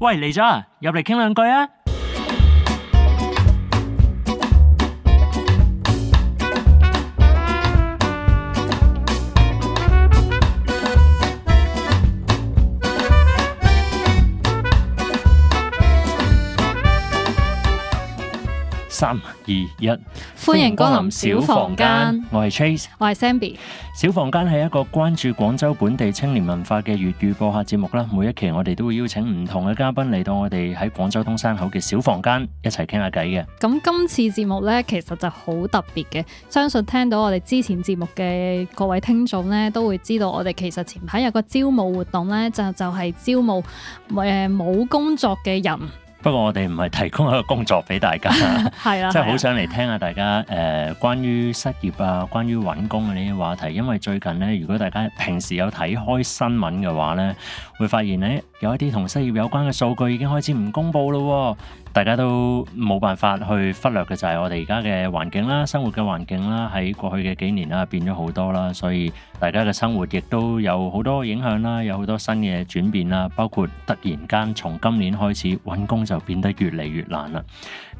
喂，嚟咗啊，入嚟傾兩句啊！三二一，歡迎光臨小房間。我係 Trace，我係 Zenbi。小房間係一個關注廣州本地青年文化嘅粵語播客節目啦。每一期我哋都會邀請唔同嘅嘉賓嚟到我哋喺廣州東山口嘅小房間一齊傾下偈嘅。咁今次節目呢，其實就好特別嘅。相信聽到我哋之前節目嘅各位聽眾呢，都會知道我哋其實前排有個招募活動呢，就就係、係招募冇、呃、工作嘅人。不過我哋唔係提供一個工作俾大家，係啦、 啊，即係好想嚟聽下大家誒、 啊呃，關於失業啊，關於搵工嘅呢啲話題，因為最近咧，如果大家平時有睇開新聞嘅話咧，會發現咧有一啲同失業有關嘅數據已經開始唔公布咯、啊。大家都冇辦法去忽略嘅就係我哋而家嘅環境啦，生活嘅環境啦，喺過去嘅幾年啦變咗好多啦，所以大家嘅生活亦都有好多影響啦，有好多新嘅轉變啦，包括突然間從今年開始揾工就變得越嚟越難啦。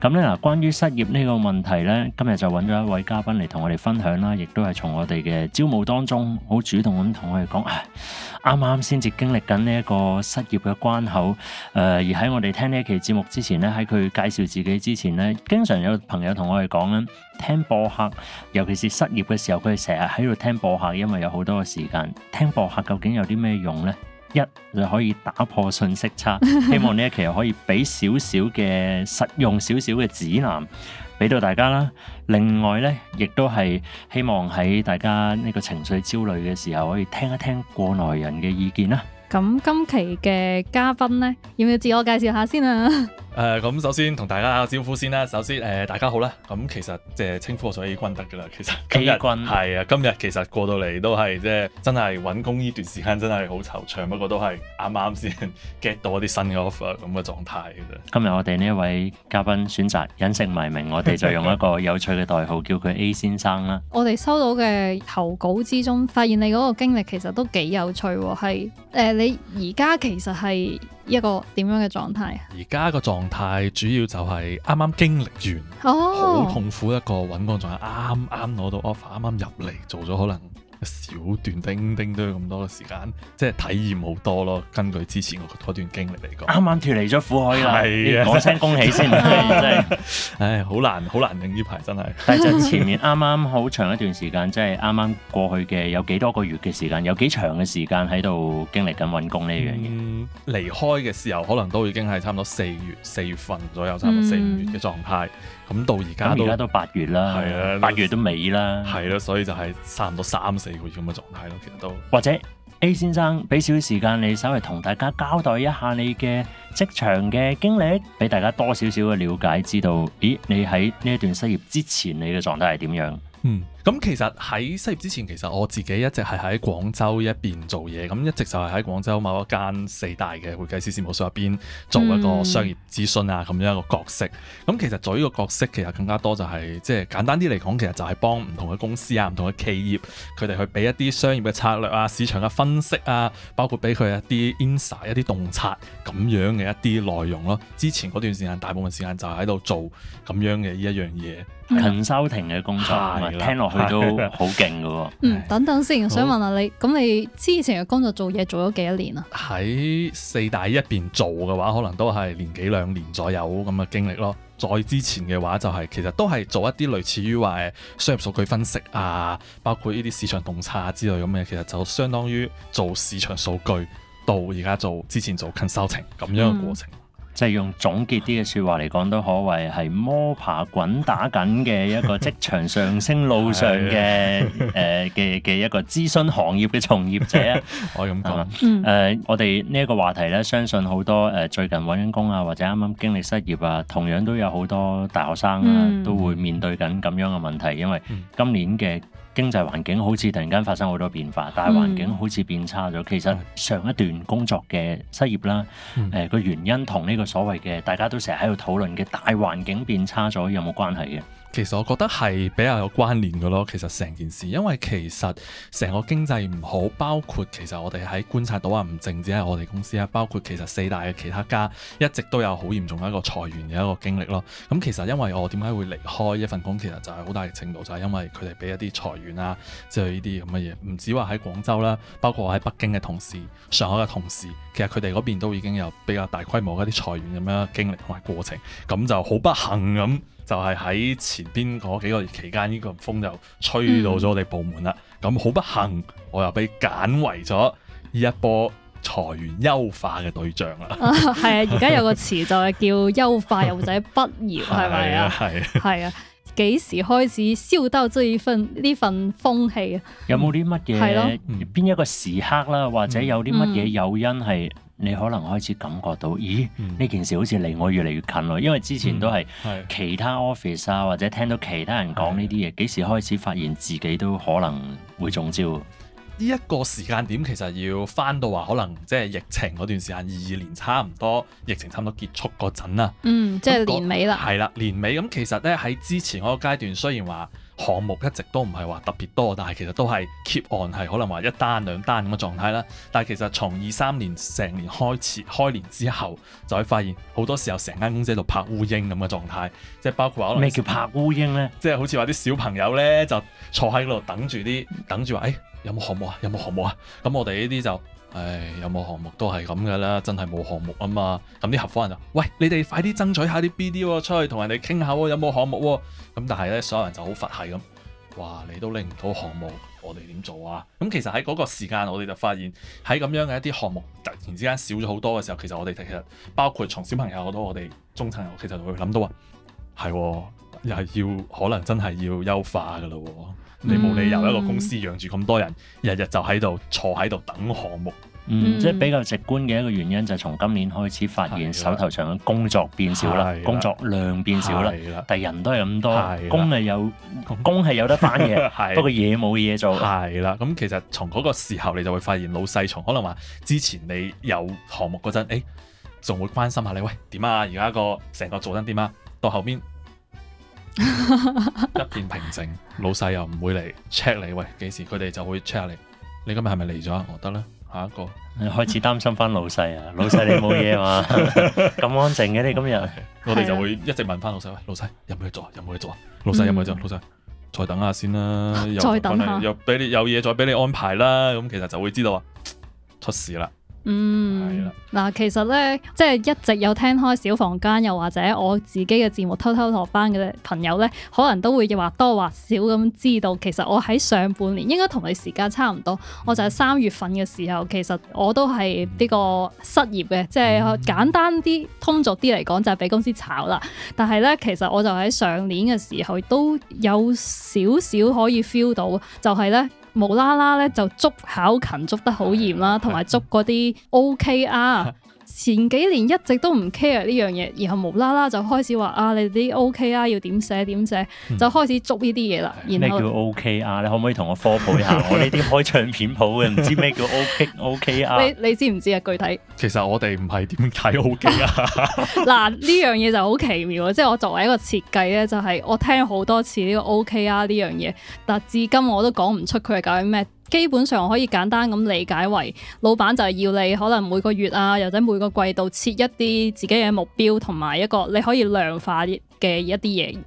咁咧嗱，關於失業呢個問題咧，今日就揾咗一位嘉賓嚟同我哋分享啦，亦都係從我哋嘅招募當中，好主動咁同我哋講，啱啱先至經歷緊呢一個失業嘅關口。呃，而喺我哋聽呢一期節目之前咧，喺佢介紹自己之前咧，經常有朋友同我哋講咧，聽播客，尤其是失業嘅時候，佢哋成日喺度聽播客，因為有好多嘅時間。聽播客究竟有啲咩用呢？一就可以打破信息差， 希望呢一期可以俾少少嘅實用少少嘅指南俾到大家啦。另外呢，亦都係希望喺大家呢個情緒焦慮嘅時候，可以聽一聽過來人嘅意見啦。咁今期嘅嘉賓咧，要唔要自我介紹下先啊？誒、呃，咁首先同大家打個招呼先啦。首先，誒、呃，大家好啦。咁其實即係稱呼我做 A 君得噶啦。其實今日係君啊，今日其實過到嚟都係即係真係揾工呢段時間真係好惆悵，不過都係啱啱先 get 到一啲新嘅 offer 咁嘅狀態嘅啫。今日我哋呢一位嘉賓選擇隱姓埋名，我哋就用一個有趣嘅代號 叫佢 A 先生啦。我哋收到嘅投稿之中，發現你嗰個經歷其實都幾有趣，係誒。呃你而家其實係一個點樣嘅狀態啊？而家個狀態主要就係啱啱經歷完，oh. 好痛苦一個揾工狀態，啱啱攞到 offer，啱啱入嚟做咗可能。一小段叮叮都有咁多嘅時間，即係體驗好多咯。根據之前我嗰段經歷嚟講，啱啱脫離咗苦海啦，講聲的恭喜先。 真係，唉、哎，好難，好難認呢排真係。但係就前面啱啱好長一段時間，即係啱啱過去嘅有幾多個月嘅時間，有幾長嘅時間喺度經歷緊搵工呢樣嘢。離、嗯、開嘅時候，可能都已經係差唔多四月四月份左右，差唔多四五月嘅狀態。咁到而家而家都八月啦，啊、八月都尾啦，係咯、啊，所以就係差唔多三四個月咁嘅狀態咯，其實都。或者 A 先生，俾少少時間你，稍微同大家交代一下你嘅職場嘅經歷，俾大家多少少嘅了解，知道，咦，你喺呢一段失業之前，你嘅狀態係點樣？嗯。咁其實喺失業之前，其實我自己一直係喺廣州一邊做嘢，咁一直就係喺廣州某一間四大嘅會計師事務所入邊做一個商業諮詢啊咁、嗯、樣一個角色。咁其實做呢個角色，其實更加多就係、是、即係簡單啲嚟講，其實就係幫唔同嘅公司啊、唔同嘅企業，佢哋去俾一啲商業嘅策略啊、市場嘅分析啊，包括俾佢一啲 insight 一啲洞察咁樣嘅一啲內容咯。之前嗰段時間，大部分時間就喺度做咁樣嘅呢一樣嘢，勤收停嘅工作。對佢都好勁㗎喎。 嗯，等等先，想問下你，咁好你之前嘅工作做嘢做咗幾多年啊？喺四大一邊做嘅話，可能都係年幾兩年左右咁嘅經歷咯。再之前嘅話，就是，就係其實都係做一啲類似於話商業數據分析啊，包括呢啲市場洞察啊之類咁嘅，其實就相當於做市場數據到而家做之前做 consulting 咁樣嘅過程。嗯就係用總結啲嘅説話嚟講，都可謂係摸爬滾打緊嘅一個職場上升路上嘅誒嘅嘅一個諮詢行業嘅從業者啊！我咁講，誒，我哋呢一個話題咧，相信好多誒、呃、最近揾緊工啊，或者啱啱經歷失業啊，同樣都有好多大學生啊，都會面對緊咁樣嘅問題，嗯、因為今年嘅。經濟環境好似突然間發生好多變化，大環境好似變差咗。嗯、其實上一段工作嘅失業啦，誒個、嗯呃、原因同呢個所謂嘅大家都成日喺度討論嘅大環境變差咗有冇關係嘅？其實我覺得係比較有關聯嘅咯，其實成件事，因為其實成個經濟唔好，包括其實我哋喺觀察到啊唔淨止係我哋公司啊，包括其實四大嘅其他家一直都有好嚴重嘅一個裁員嘅一個經歷咯。咁、嗯、其實因為我點解會離開一份工，其實就係好大嘅程度就係、是、因為佢哋俾一啲裁員啊，即係呢啲咁嘅嘢，唔止話喺廣州啦，包括我喺北京嘅同事、上海嘅同事，其實佢哋嗰邊都已經有比較大規模一啲裁員咁樣嘅經歷同埋過程，咁就好不幸咁。就係喺前邊嗰幾個月期間，呢個風就吹到咗我哋部門啦。咁好、嗯、不幸，我又被揀為咗呢一波裁員優化嘅對象啦。啊，係啊！而家有個詞就係叫優化，又或者畢業，係咪 吧啊？係啊，係啊。幾時開始燒到呢份呢份風氣有有啊？有冇啲乜嘢？邊一個時刻啦，或者有啲乜嘢誘因係？嗯嗯你可能開始感覺到，咦？呢、嗯、件事好似離我越嚟越近咯，因為之前都係其他 office 啊，嗯、或者聽到其他人講呢啲嘢，幾是時開始發現自己都可能會中招？呢一個時間點其實要翻到話，可能即係疫情嗰段時間，二二年差唔多，疫情差唔多結束嗰陣啦。嗯，即、就、係、是、年尾啦。係啦、那個，年尾咁，其實呢，喺之前嗰個階段，雖然話。項目一直都唔係話特別多，但係其實都係 keep on，係可能話一單兩單咁嘅狀態啦。但係其實從二三年成年開始，開年之後就會發現好多時候成間公司喺度拍烏蠅咁嘅狀態，即係包括話咩叫拍烏蠅呢，即係好似話啲小朋友呢，就坐喺度等住啲，等住話，誒、欸、有冇項目啊？有冇項目啊？咁我哋呢啲就。唉，有冇項目都係咁噶啦，真係冇項目啊嘛。咁啲合夥人就，喂，你哋快啲爭取下啲 B.D.、哦、出去同人哋傾下喎，有冇項目、哦？咁但係咧，所有人就好佛系咁。哇，你都拎唔到項目，我哋點做啊？咁其實喺嗰個時間，我哋就發現喺咁樣嘅一啲項目突然之間少咗好多嘅時候，其實我哋其實包括從小朋友到我哋中層人，其實會諗到啊，係、哦、又係要可能真係要優化噶咯、哦。你冇理由一個公司養住咁多人，日日就喺度坐喺度等項目。嗯，嗯即係比較直觀嘅一個原因就係從今年開始發現的手頭上嘅工作變少啦，的工作量變少啦。的但人都係咁多，的工係有工係有得翻嘢，不過嘢冇嘢做。係啦，咁其實從嗰個時候你就會發現老細從可能話之前你有項目嗰陣，誒、欸、仲會關心下你喂點啊？而家個成個做緊點啊？到後邊。 一片平靜，老細又唔會嚟 check 你，喂，幾時佢哋就會 check 下你。你今日係咪嚟咗？我得啦，下一個。開始擔心翻老細啊！老細你冇嘢嘛？咁 安靜嘅你今日，okay，的我哋就會一直問翻老細喂，老細有冇嘢做？有冇嘢做啊？老細有冇嘢做？嗯、老細再等下先啦， 再等下又俾你有嘢再俾你安排啦。咁其實就會知道啊，出事啦。嗯，嗱了，其實咧，即係一直有聽開小房間，又或者我自己嘅節目偷偷落班嘅朋友咧，可能都會或多或少咁知道，其實我喺上半年應該同你時間差唔多，我就係三月份嘅時候，其實我都係呢個失業嘅，嗯、即係簡單啲、通俗啲嚟講，就係、是、俾公司炒啦。但係咧，其實我就喺上年嘅時候都有少少可以 feel 到就呢，就係咧。無啦啦咧就捉考勤捉得好嚴啦，同埋捉嗰啲 OKR。前幾年一直都唔 care 呢樣嘢，然後無啦啦就開始話啊，你啲 OK 啊，要點寫點寫，寫嗯、就開始捉呢啲嘢啦。咩叫 OKR？你可唔可以同我科普一下？ 我呢啲開唱片鋪嘅，唔知咩叫 OK OKR、啊。 你你知唔知啊？具體其實我哋唔係點睇 OK 啊。嗱呢樣嘢就好奇妙，即係我作為一個設計咧，就係、是、我聽好多次呢個 OKR 呢樣嘢，但至今我都講唔出佢係搞緊咩。基本上可以簡單咁理解為，老闆就係要你可能每個月啊，又或者每個季度設一啲自己嘅目標同埋一個你可以量化嘅一啲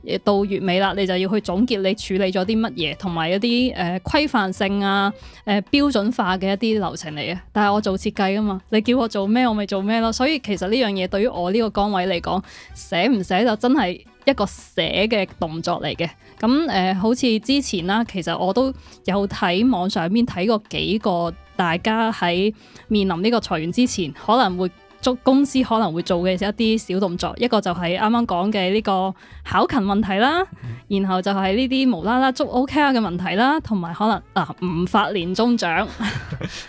嘢，到月尾啦，你就要去總結你處理咗啲乜嘢，同埋一啲誒、呃、規範性啊、誒、呃、標準化嘅一啲流程嚟嘅。但係我做設計啊嘛，你叫我做咩我咪做咩囉，所以其實呢樣嘢對於我呢個崗位嚟講，寫唔寫就真係。一個寫嘅動作嚟嘅，咁誒、呃、好似之前啦，其實我都有睇網上面睇過幾個大家喺面臨呢個裁員之前可能會。捉公司可能會做嘅一啲小動作，一個就係啱啱講嘅呢個考勤問題啦，然後就係呢啲無啦啦捉 OKR 嘅問題啦，同埋可能啊唔發年終獎，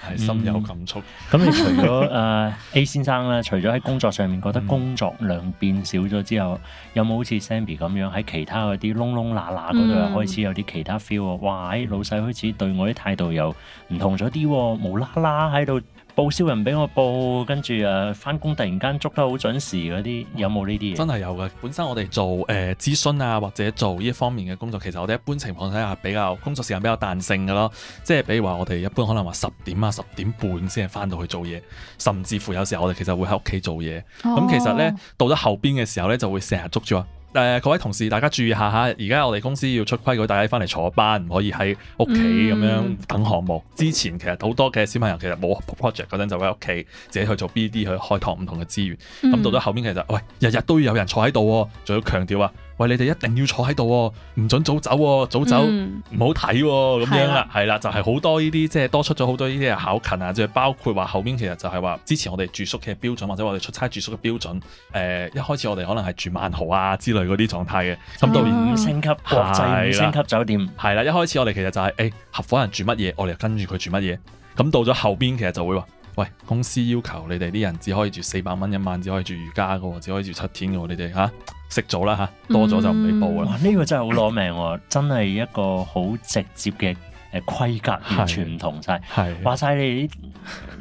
係深有感觸。咁你除咗誒、uh, A 先生咧，除咗喺工作上面覺得工作量變少咗之後，嗯、有冇好似 Zenbi 咁樣喺其他嗰啲窿窿罅罅嗰度開始有啲其他 feel 啊？哇！老細開始對我啲態度又唔同咗啲，無啦啦喺度。報銷人俾我報，跟住誒翻工突然間捉得好準時嗰啲，有冇呢啲嘢？真係有嘅。本身我哋做誒、呃、諮詢啊，或者做呢一方面嘅工作，其實我哋一般情況底下比較工作時間比較彈性嘅咯。即係比如話，我哋一般可能話十點啊、十點半先係翻到去做嘢，甚至乎有時候我哋其實會喺屋企做嘢。咁、哦嗯、其實呢，到咗後邊嘅時候呢，就會成日捉住啊。誒，各位同事，大家注意下吓，而家我哋公司要出規矩，大家翻嚟坐班，唔可以喺屋企咁樣等項目。嗯、之前其實好多嘅小朋友其實冇 project 嗰陣，就喺屋企自己去做 BD 去開拓唔同嘅資源。咁、嗯、到咗後面，其實喂，日日都要有人坐喺度，仲要強調啊！喂，你哋一定要坐喺度，唔准早走、啊，早走唔好睇咁、啊嗯、樣啦，係啦的，就係、是、好多呢啲，即、就、係、是、多出咗好多呢啲考勤啊，即係包括話後邊其實就係話之前我哋住宿嘅標準，或者我哋出差住宿嘅標準，誒、呃，一開始我哋可能係住萬豪啊之類嗰啲狀態嘅，咁、嗯、到五星升級國際五星級酒店，係啦，一開始我哋其實就係、是、誒、欸，合伙人住乜嘢，我哋就跟住佢住乜嘢，咁到咗後邊其實就會話，喂，公司要求你哋啲人只可以住四百蚊一晚，只可以住如家噶，只可以住七天噶，你哋吓。啊食咗啦嚇，多咗就唔俾報啊！哇，呢個 真係好攞命，真係一個好直接嘅誒規格，完全唔同晒。係話晒你，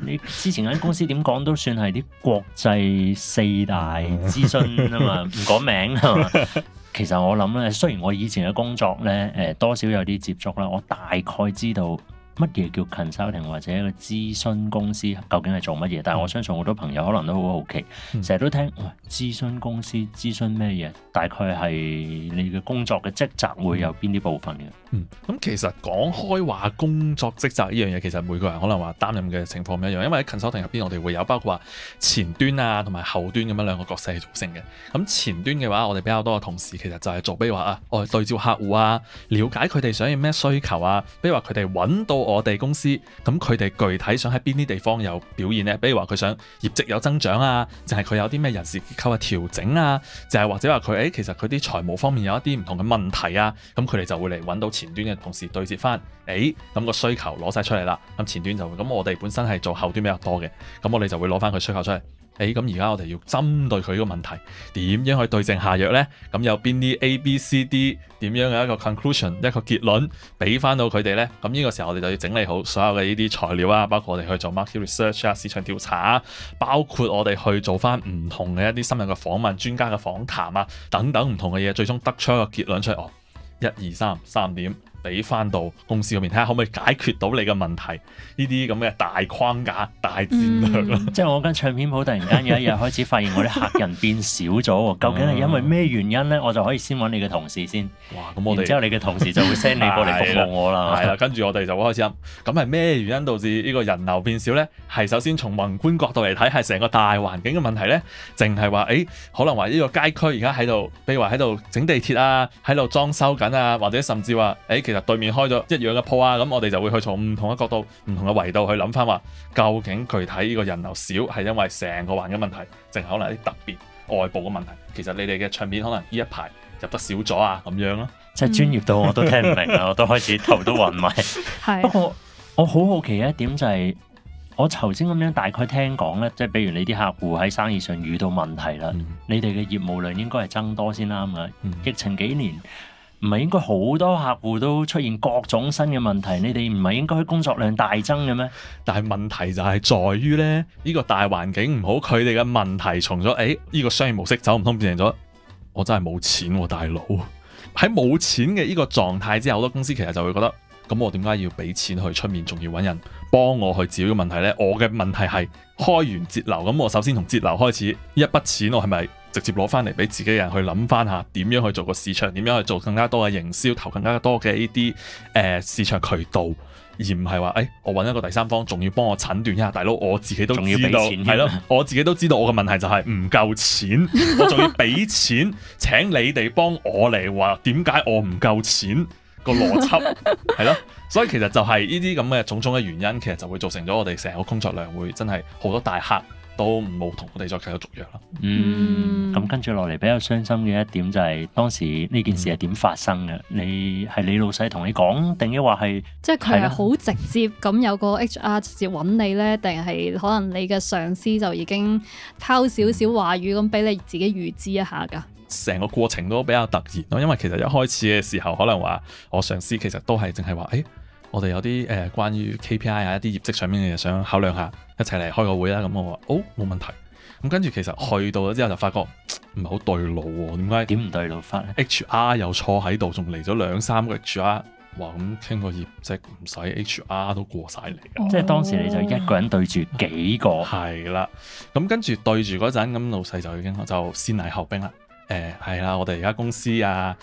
你之前間公司點講都算係啲國際四大諮詢啊嘛，唔講、嗯、 名啊嘛。 其實我諗咧，雖然我以前嘅工作咧誒，多少有啲接觸啦，我大概知道。乜嘢叫 consulting 或者一個諮詢公司究竟係做乜嘢？但係我相信好多朋友可能都好好奇，成日都聽諮詢、嗯、公司諮詢咩嘢？大概係你嘅工作嘅職責會有邊啲部分嘅？咁、嗯嗯、其實講開話工作職責呢樣嘢，其實每個人可能話擔任嘅情況唔一樣，因為喺 consulting 入邊我哋會有包括話前端啊同埋後端咁樣兩個角色去做成嘅。咁前端嘅話，我哋比較多嘅同事其實就係做，比如話啊，我係對照、哦、客戶啊，了解佢哋想要咩需求啊，比如話佢哋揾到。我哋公司咁，佢哋具體想喺邊啲地方有表現呢？比如話佢想業績有增長啊，淨係佢有啲咩人事結構嘅調整啊，淨係或者話佢誒，其實佢啲財務方面有一啲唔同嘅問題啊，咁佢哋就會嚟揾到前端嘅同事對接翻，誒，咁個需求攞晒出嚟啦。咁前端就會咁，我哋本身係做後端比較多嘅，咁我哋就會攞翻佢需求出嚟。誒，咁而家我哋要針對佢個問題，點樣去對症下藥呢？咁有邊啲 A、B、C、D，點樣嘅一個 conclusion，一個結論，俾翻到佢哋呢？咁呢個時候我哋就要整理好所有嘅呢啲材料啊，包括我哋去做 market research 啊，市場調查啊，包括我哋去做翻唔同嘅一啲深入嘅訪問、專家嘅訪談啊，等等唔同嘅嘢，最終得出一個結論出嚟。哦，一二三，三點。俾翻到公司入面睇下可唔可以解決到你嘅問題，呢啲咁嘅大框架大戰略咯、嗯。即係我間唱片鋪突然間有一日開始發現我啲客人變少咗，嗯、究竟係因為咩原因咧？我就可以先揾你嘅同事先。哇！咁我哋，之後你嘅同事就會 send 你過嚟服務我啦。係啦、 啊，跟住、啊、我哋就會開始諗，咁係咩原因導致呢個人流變少咧？係首先從宏觀角度嚟睇，係成個大環境嘅問題咧。淨係話，誒可能話呢個街區而家喺度，比如話喺度整地鐵啊，喺度裝修緊啊，或者甚至話，誒其其實對面開咗一樣嘅鋪啊，咁我哋就會去從唔同嘅角度，唔同嘅維度去諗翻話，究竟具體呢個人流少係因為成個環境問題，定係可能一啲特別外部嘅問題？其實你哋嘅唱片可能呢一排入得少咗啊，咁樣咯。嗯、 即係專業到我都聽唔明啊，我都開始頭都暈埋。 不過我好好奇一點就係、是，我頭先咁樣大概聽講呢，即係比如你啲客戶喺生意上遇到問題啦，嗯、你哋嘅業務量應該係增多先啱。噶。嗯、疫情幾年。唔係應該好多客戶都出現各種新嘅問題，你哋唔係應該工作量大增嘅咩？但係問題就係在於咧，呢個大環境唔好，佢哋嘅問題從咗誒呢個商業模式走唔通，變成咗我真係冇錢喎、啊，大佬。喺冇錢嘅呢個狀態之下，好多公司其實就會覺得，咁我點解要俾錢去出面，仲要揾人幫我去治呢個問題呢，我嘅問題係開源節流，咁我首先從節流開始，一筆錢我係咪？直接攞翻嚟俾自己人去諗翻下，點樣去做個市場？點樣去做更加多嘅營銷？投更加多嘅呢啲誒市場渠道，而唔係話誒我揾一個第三方，仲要幫我診斷一下大佬，我自己都知道係咯，我自己都知道我嘅問題就係、是、唔夠錢，我仲要俾錢 請你哋幫我嚟話點解我唔夠錢個邏輯係咯，所以其實就係呢啲咁嘅種種嘅原因，其實就會造成咗我哋成個工作量會真係好多大客，都冇同我哋再繼續續約咯。嗯，咁跟住落嚟比較傷心嘅一點就係當時呢件事係點發生嘅？嗯、你係你老細同你講，定抑或係即係佢係好直接咁有個 HR 直接揾你咧，定係可能你嘅上司就已經拋少少話語咁俾你自己預知一下㗎？成個過程都比較突然咯，因為其實一開始嘅時候，可能話我上司其實都係淨係話，哎、欸。我哋有啲誒、呃、關於 KPI 啊一啲業績上面嘅嘢想考量下，一齊嚟開個會啦。咁、嗯、我話：哦，冇問題。咁跟住其實去到咗之後就發覺唔係好對路喎。點解？點唔對路翻？HR 又坐喺度，仲嚟咗兩三個 HR，哇！咁傾個業績唔使 HR 都過晒嚟嘅。即係當時你就一個人對住幾個？係啦、哦。咁跟住對住嗰陣，咁老細就已經就先禮後兵啦。誒，係啦、欸，我哋而家公司啊，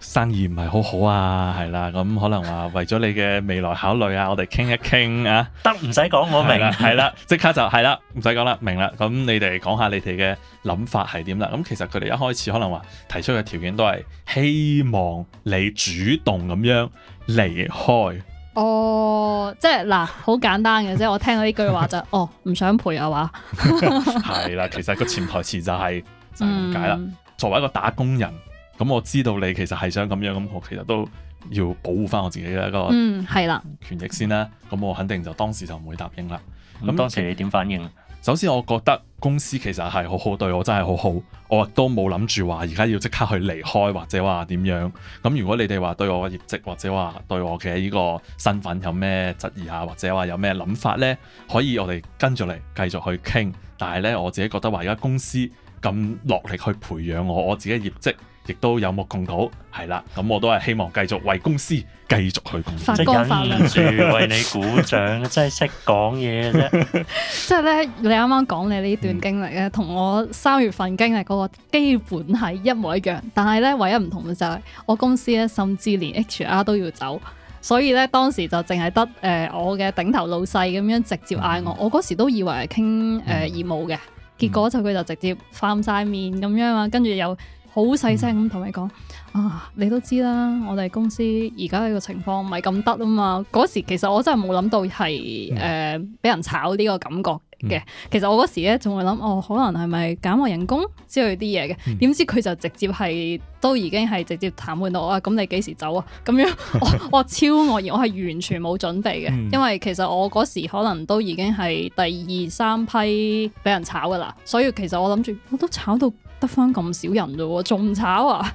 生意唔係好好啊，係啦，咁可能話為咗你嘅未來考慮啊，我哋傾一傾啊，得唔使講我明，係啦，即刻就係啦，唔使講啦，明啦，咁你哋講下你哋嘅諗法係點啦，咁其實佢哋一開始可能話提出嘅條件都係希望你主動咁樣離開，哦，即係嗱，好簡單嘅啫，我聽到呢句話就係， 哦，唔想賠啊話，係 啦， 其實詞、就係就係、個潛台詞就係就咁解啦。嗯作為一個打工人，咁我知道你其實係想咁樣，咁我其實都要保護翻我自己嘅一個、嗯、係啦、權益先啦。咁我肯定就當時就唔會答應啦。咁當時你點反應？嗯、首先我覺得公司其實係好好對我，真係好好。我亦都冇諗住話而家要即刻去離開，或者話點樣。咁如果你哋話對我嘅業績，或者話對我嘅呢個身份有咩質疑啊，或者話有咩諗法呢？可以我哋跟住嚟繼續去傾。但係呢，我自己覺得話而家公司，咁落力去培養我，我自己業績亦都有目共睹，係啦。咁我都係希望繼續為公司繼續去貢獻。發哥，發哥，為你鼓掌， 真係識講嘢啫。 即係咧，你啱啱講你呢段經歷咧，同我三月份經歷嗰個基本係一模一樣，但係呢，唯一唔同嘅就係我公司咧，甚至連 HR 都要走，所以呢，當時就淨係得誒我嘅頂頭老細咁樣直接嗌我，嗯、我嗰時都以為係傾誒業務嘅。呃嗯結果就佢就直接翻曬面咁樣啊，跟住又好細聲咁同你講、嗯、啊，你都知啦，我哋公司而家呢個情況唔係咁得啊嘛，嗰時其實我真係冇諗到係誒俾人炒呢個感覺。嘅，嗯、其實我嗰時咧仲會諗，哦，可能係咪減我人工之類啲嘢嘅？點、嗯、知佢就直接係都已經係直接談判到我啊！咁你幾時走啊？咁樣我 我，我超愕然，我係完全冇準備嘅，嗯、因為其實我嗰時可能都已經係第二三批俾人炒噶啦，所以其實我諗住我都炒到得翻咁少人咋喎，仲炒啊？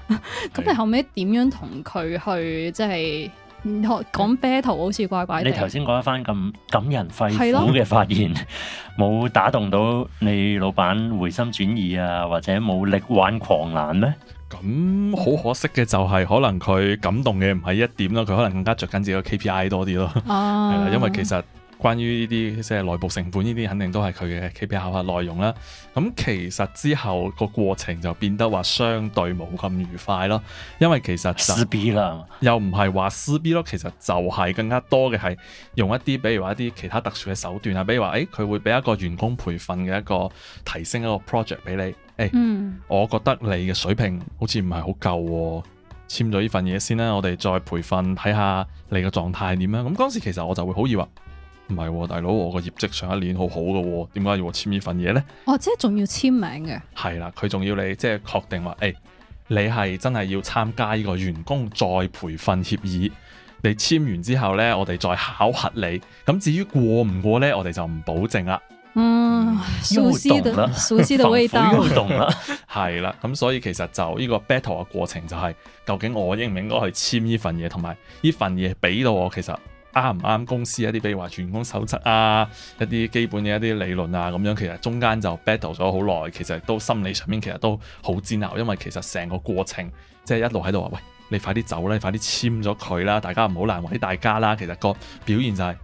咁 你後尾點樣同佢去即係？講 battle 好似怪怪地。你頭先講一番咁感人肺腑嘅發言，冇的打動到你老闆回心轉意啊，或者冇力挽狂瀾咩？咁好、嗯、可惜嘅就係，可能佢感動嘅唔係一點咯，佢可能更加着緊自己嘅 KPI 多啲咯。係啦、啊， 因為其實。關於呢啲即係內部成本呢啲，肯定都係佢嘅 KPI 考核內容啦。咁其實之後個過程就變得話相對冇咁愉快咯，因為其實就撕逼啦，又唔係話撕逼咯，其實就係更加多嘅係用一啲，比如話一啲其他特殊嘅手段啊，比如話誒，佢、欸、會俾一個員工培訓嘅一個提升一個 project 俾你。誒、欸，嗯、我覺得你嘅水平好似唔係好夠，簽咗呢份嘢先啦，我哋再培訓睇下你嘅狀態點樣啦。咁當時其實我就會好疑惑。唔係、哦，大佬，我個業績上一年好好噶、哦，點解要我簽呢份嘢呢？哦，即係仲要簽名嘅。係啦，佢仲要你即係確定話，誒、哎，你係真係要參加呢個員工再培訓協議，你簽完之後呢，我哋再考核你。咁至於過唔過呢，我哋就唔保證啦。嗯，廚師的廚師的味道。係啦，咁所以其實就呢個 battle 嘅過程就係、是，究竟我應唔應該去簽呢份嘢，同埋呢份嘢俾到我，其實。.啱唔啱公司一啲，比如話員工守則啊，一啲基本嘅一啲理論啊，咁樣其實中間就 battle 咗好耐，其實都心理上面其實都好煎熬，因為其實成個過程即係一路喺度話，喂，你快啲走啦，你快啲簽咗佢啦，大家唔好難為大家啦。其實個表現就係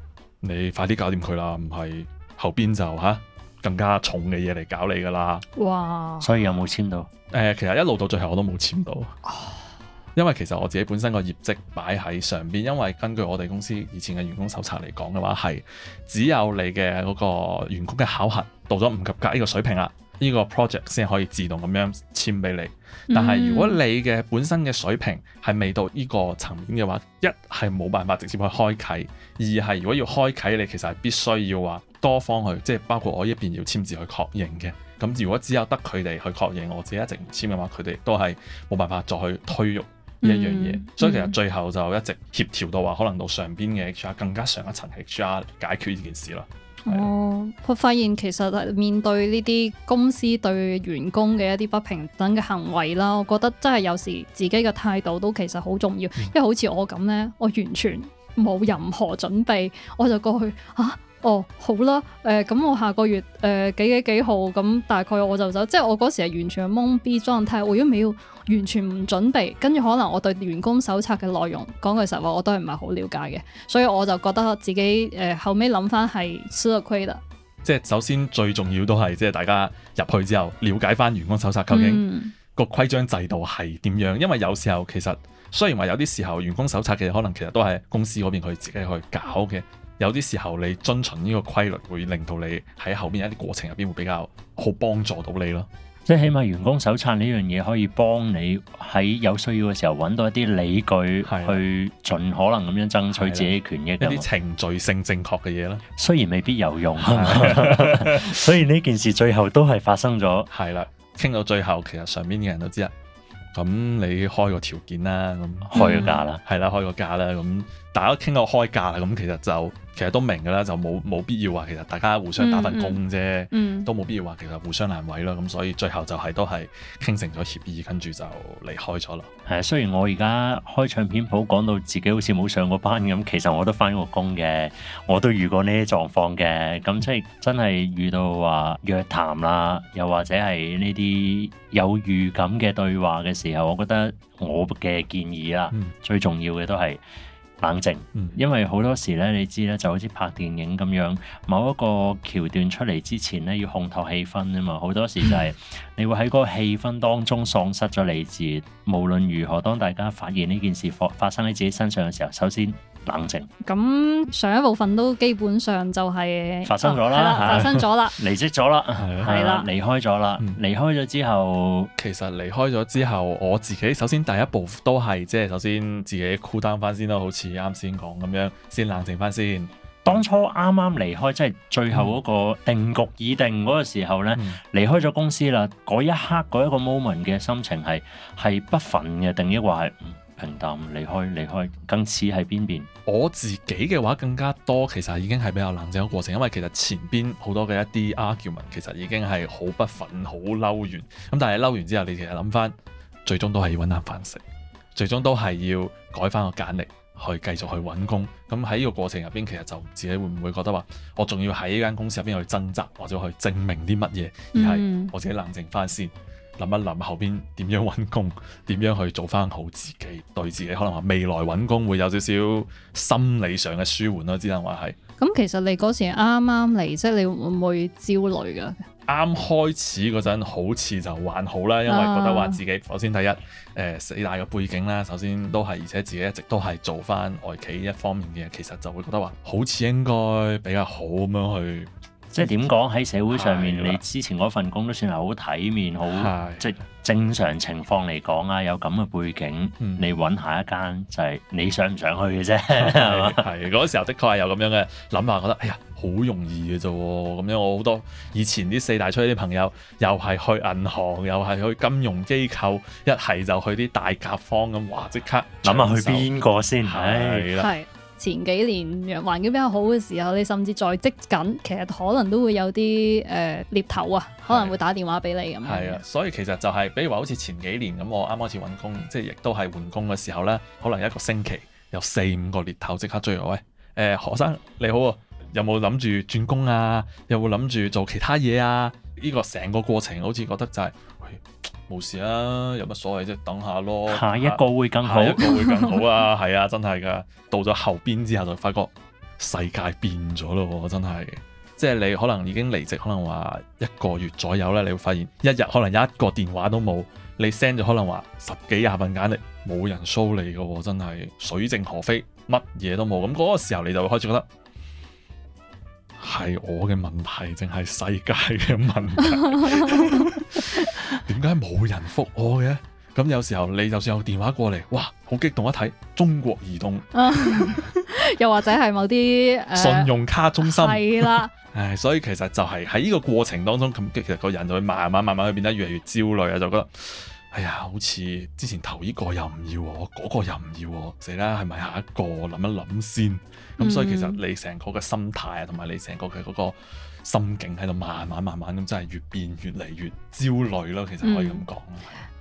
你快啲搞掂佢啦，唔係後邊就吓更加重嘅嘢嚟搞你噶啦。哇！所以有冇簽到？誒，其實一路到最後我都冇簽到。哦因為其實我自己本身個業績擺喺上邊，因為根據我哋公司以前嘅員工手冊嚟講嘅話，係只有你嘅嗰個員工嘅考核到咗唔及格呢個水平啦，呢個 project 先可以自動咁樣簽俾你。但係如果你嘅本身嘅水平係未到呢個層面嘅話，一係冇辦法直接去開啓，二係如果要開啓你，其實係必須要話多方去，即係包括我呢邊要簽字去確認嘅。咁如果只有得佢哋去確認，我自己一直唔簽嘅話，佢哋都係冇辦法再去推喐。一樣嘢，嗯、所以其實最後就一直協調到話，可能到上邊嘅 HR 更加上一層係 HR 解決呢件事啦。哦，佢發現其實面對呢啲公司對員工嘅一啲不平等嘅行為啦，我覺得真係有時自己嘅態度都其實好重要，因為好似我咁呢，我完全冇任何準備，我就過去嚇。啊。哦，好啦，誒、呃、咁、嗯、我下個月誒、呃、幾幾幾號咁、嗯、大概我就走，即係我嗰時係完全係懵逼狀態，我而家要完全唔準備，跟住可能我對員工手冊嘅內容講句實話，我都係唔係好了解嘅，所以我就覺得自己誒、呃、後尾諗翻係蝕啦。即係首先最重要都係即係大家入去之後了解翻員工手冊究竟個、嗯、規章制度係點樣，因為有時候其實雖然話有啲時候員工手冊嘅可能其實都係公司嗰邊去自己去搞嘅。有啲時候你遵循呢個規律，會令到你喺後邊一啲過程入邊會比較好，幫助到你咯。即係起碼員工手冊呢樣嘢可以幫你喺有需要嘅時候揾到一啲理據去盡可能咁樣爭取自己權益。一啲的程序性正確嘅嘢啦。雖然未必有用，的 所以呢件事最後都係發生咗。係啦，傾到最後，其實上面嘅人都知呀。咁你開個條件啦，咁開個價啦，係啦、嗯，開個價啦，咁。大家傾到開價啦，咁其實就其實都明嘅啦，就冇冇必要話其實大家互相打份工啫，嗯嗯、都冇必要話其實互相攔位咯。咁所以最後就係、是、都係傾成咗協議，跟住就離開咗啦。係啊，雖然我而家開唱片鋪講到自己好似冇上過班咁，其實我都翻過工嘅，我都遇過呢啲狀況嘅。咁即係真係遇到話約談啦，又或者係呢啲有預感嘅對話嘅時候，我覺得我嘅建議啊，嗯、最重要嘅都係。冷靜，因為好多時咧，你知咧就好似拍電影咁樣，某一個橋段出嚟之前咧，要烘托氣氛啊嘛。好多時就係你會喺嗰個氣氛當中喪失咗理智。無論如何，當大家發現呢件事發發生喺自己身上嘅時候，首先。冷靜。咁上一部分都基本上就係、是、發生咗啦，啊、是發生咗啦， 離職咗啦，係啦，離開咗啦。嗯、離開咗之後、嗯嗯，其實離開咗之後，我自己首先第一步都係即係首先自己 cool down 翻先啦，好似啱先講咁樣，先冷靜翻先。當初啱啱離開，即、就、係、是、最後嗰個定局已定嗰、嗯嗯嗰個時候呢，離開咗公司啦，嗰一刻嗰一個 moment 嘅心情係係不忿嘅，定抑或係？平淡，離開離開，更似喺邊邊？我自己嘅話更加多，其實已經係比較冷靜嘅過程，因為其實前邊好多嘅一啲 argument，其實已經係好不忿、好嬲完。咁但係嬲完之後，你其實諗翻，最終都係要揾啖飯食，最終都係要改翻個簡歷，去繼續去揾工。咁喺呢個過程入邊，其實就唔知你會唔會覺得話，我仲要喺呢間公司入邊去掙扎，或者去證明啲乜嘢？而係我自己冷靜翻、嗯、先。諗一諗後邊點樣揾工，點樣去做翻好自己，對自己可能話未來揾工會有少少心理上嘅舒緩啦，只能話係。咁其實你嗰時啱啱嚟，即係你會唔會焦慮噶？啱開始嗰陣好似就還好啦，因為覺得話自己首先第一，誒、呃、四大嘅背景啦，首先都係，而且自己一直都係做翻外企一方面嘅，其實就會覺得話好似應該比較好咁樣去。即係點講喺社會上面，你之前嗰份工都算係好體面，好即係正常情況嚟講啊，有咁嘅背景你揾下一間就係你想唔想去嘅啫，係嘛？係嗰時候的確係有咁樣嘅諗下，覺得哎呀好容易嘅啫，咁樣我好多以前啲四大出啲朋友，又係去銀行，又係去金融機構，一係就去啲大甲方咁，哇即刻諗下去邊個先，唉係。前幾年環境比較好嘅時候，你甚至在職緊，其實可能都會有啲誒、呃、獵頭啊，可能會打電話俾你咁樣。係啊，所以其實就係、是，比如話好似前幾年咁，我啱開始揾工，即係亦都係換工嘅時候呢，可能一個星期有四五個獵頭即刻追我喂，誒、欸、何生你好啊，有冇諗住轉工啊？有冇諗住做其他嘢啊？呢、這個成個過程，好似覺得就係、是。冇事啊，有乜所謂啫、啊？等下咯，下一個會更好，下一個會更好啊！係 啊，真係噶。到咗後邊之後就發覺世界變咗咯，真係。即係你可能已經離職，可能話一個月左右咧，你會發現一日可能一個電話都冇，你 send 咗可能話十幾廿份簡歷，冇人 show 你噶，真係水靜河飛，乜嘢都冇。咁嗰個時候你就會開始覺得係我嘅問題，定係世界嘅問題？ 點解冇人覆我嘅？咁有時候你就算有電話過嚟，哇，好激動一睇，中國移動， 又或者係某啲信用卡中心，係啦，呃， 所以其實就係喺呢個過程當中，咁其實個人就會慢慢慢慢去變得越嚟越焦慮啊，就覺得，哎呀，好似之前投呢個又唔要我，嗰，嗰個又唔要我，死啦，係咪下一個諗一諗先？咁所以其實你成個嘅心態啊，同埋你成個嘅嗰，嗰個。心境喺度慢慢慢慢咁，真係越變越嚟越焦慮咯。其實可以咁講。誒、嗯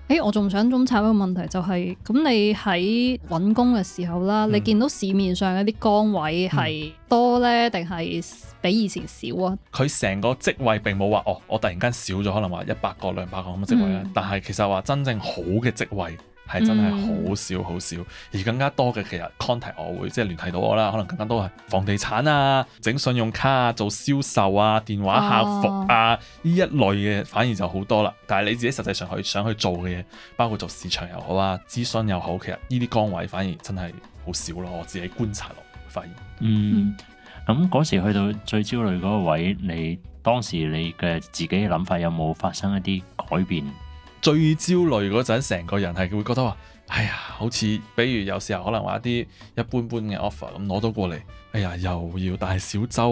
欸，我仲想總插一個問題，就係、是、咁你喺揾工嘅時候啦，嗯、你見到市面上一啲崗位係多呢？定係比以前少啊？佢成、嗯嗯、個職位並冇話哦，我突然間少咗可能話一百個兩百個咁嘅職位啊。嗯、但係其實話真正好嘅職位，係真係好少好少，而更加多嘅其實 contact 我會即係聯繫到我啦，可能更加多係房地產啊、整信用卡啊、做銷售啊、電話客服啊呢、哦、一類嘅，反而就好多啦。但係你自己實際上想去想去做嘅嘢，包括做市場又好啊、諮詢又好，其實呢啲崗位反而真係好少咯。我自己觀察落，發現嗯，咁嗰時去到最焦類嗰位，你當時你嘅自己嘅諗法有冇發生一啲改變？最焦慮嗰陣，成個人係會覺得話：哎呀，好似比如有時候可能話一啲一般般嘅 offer 咁攞咗過嚟，哎呀又要帶小周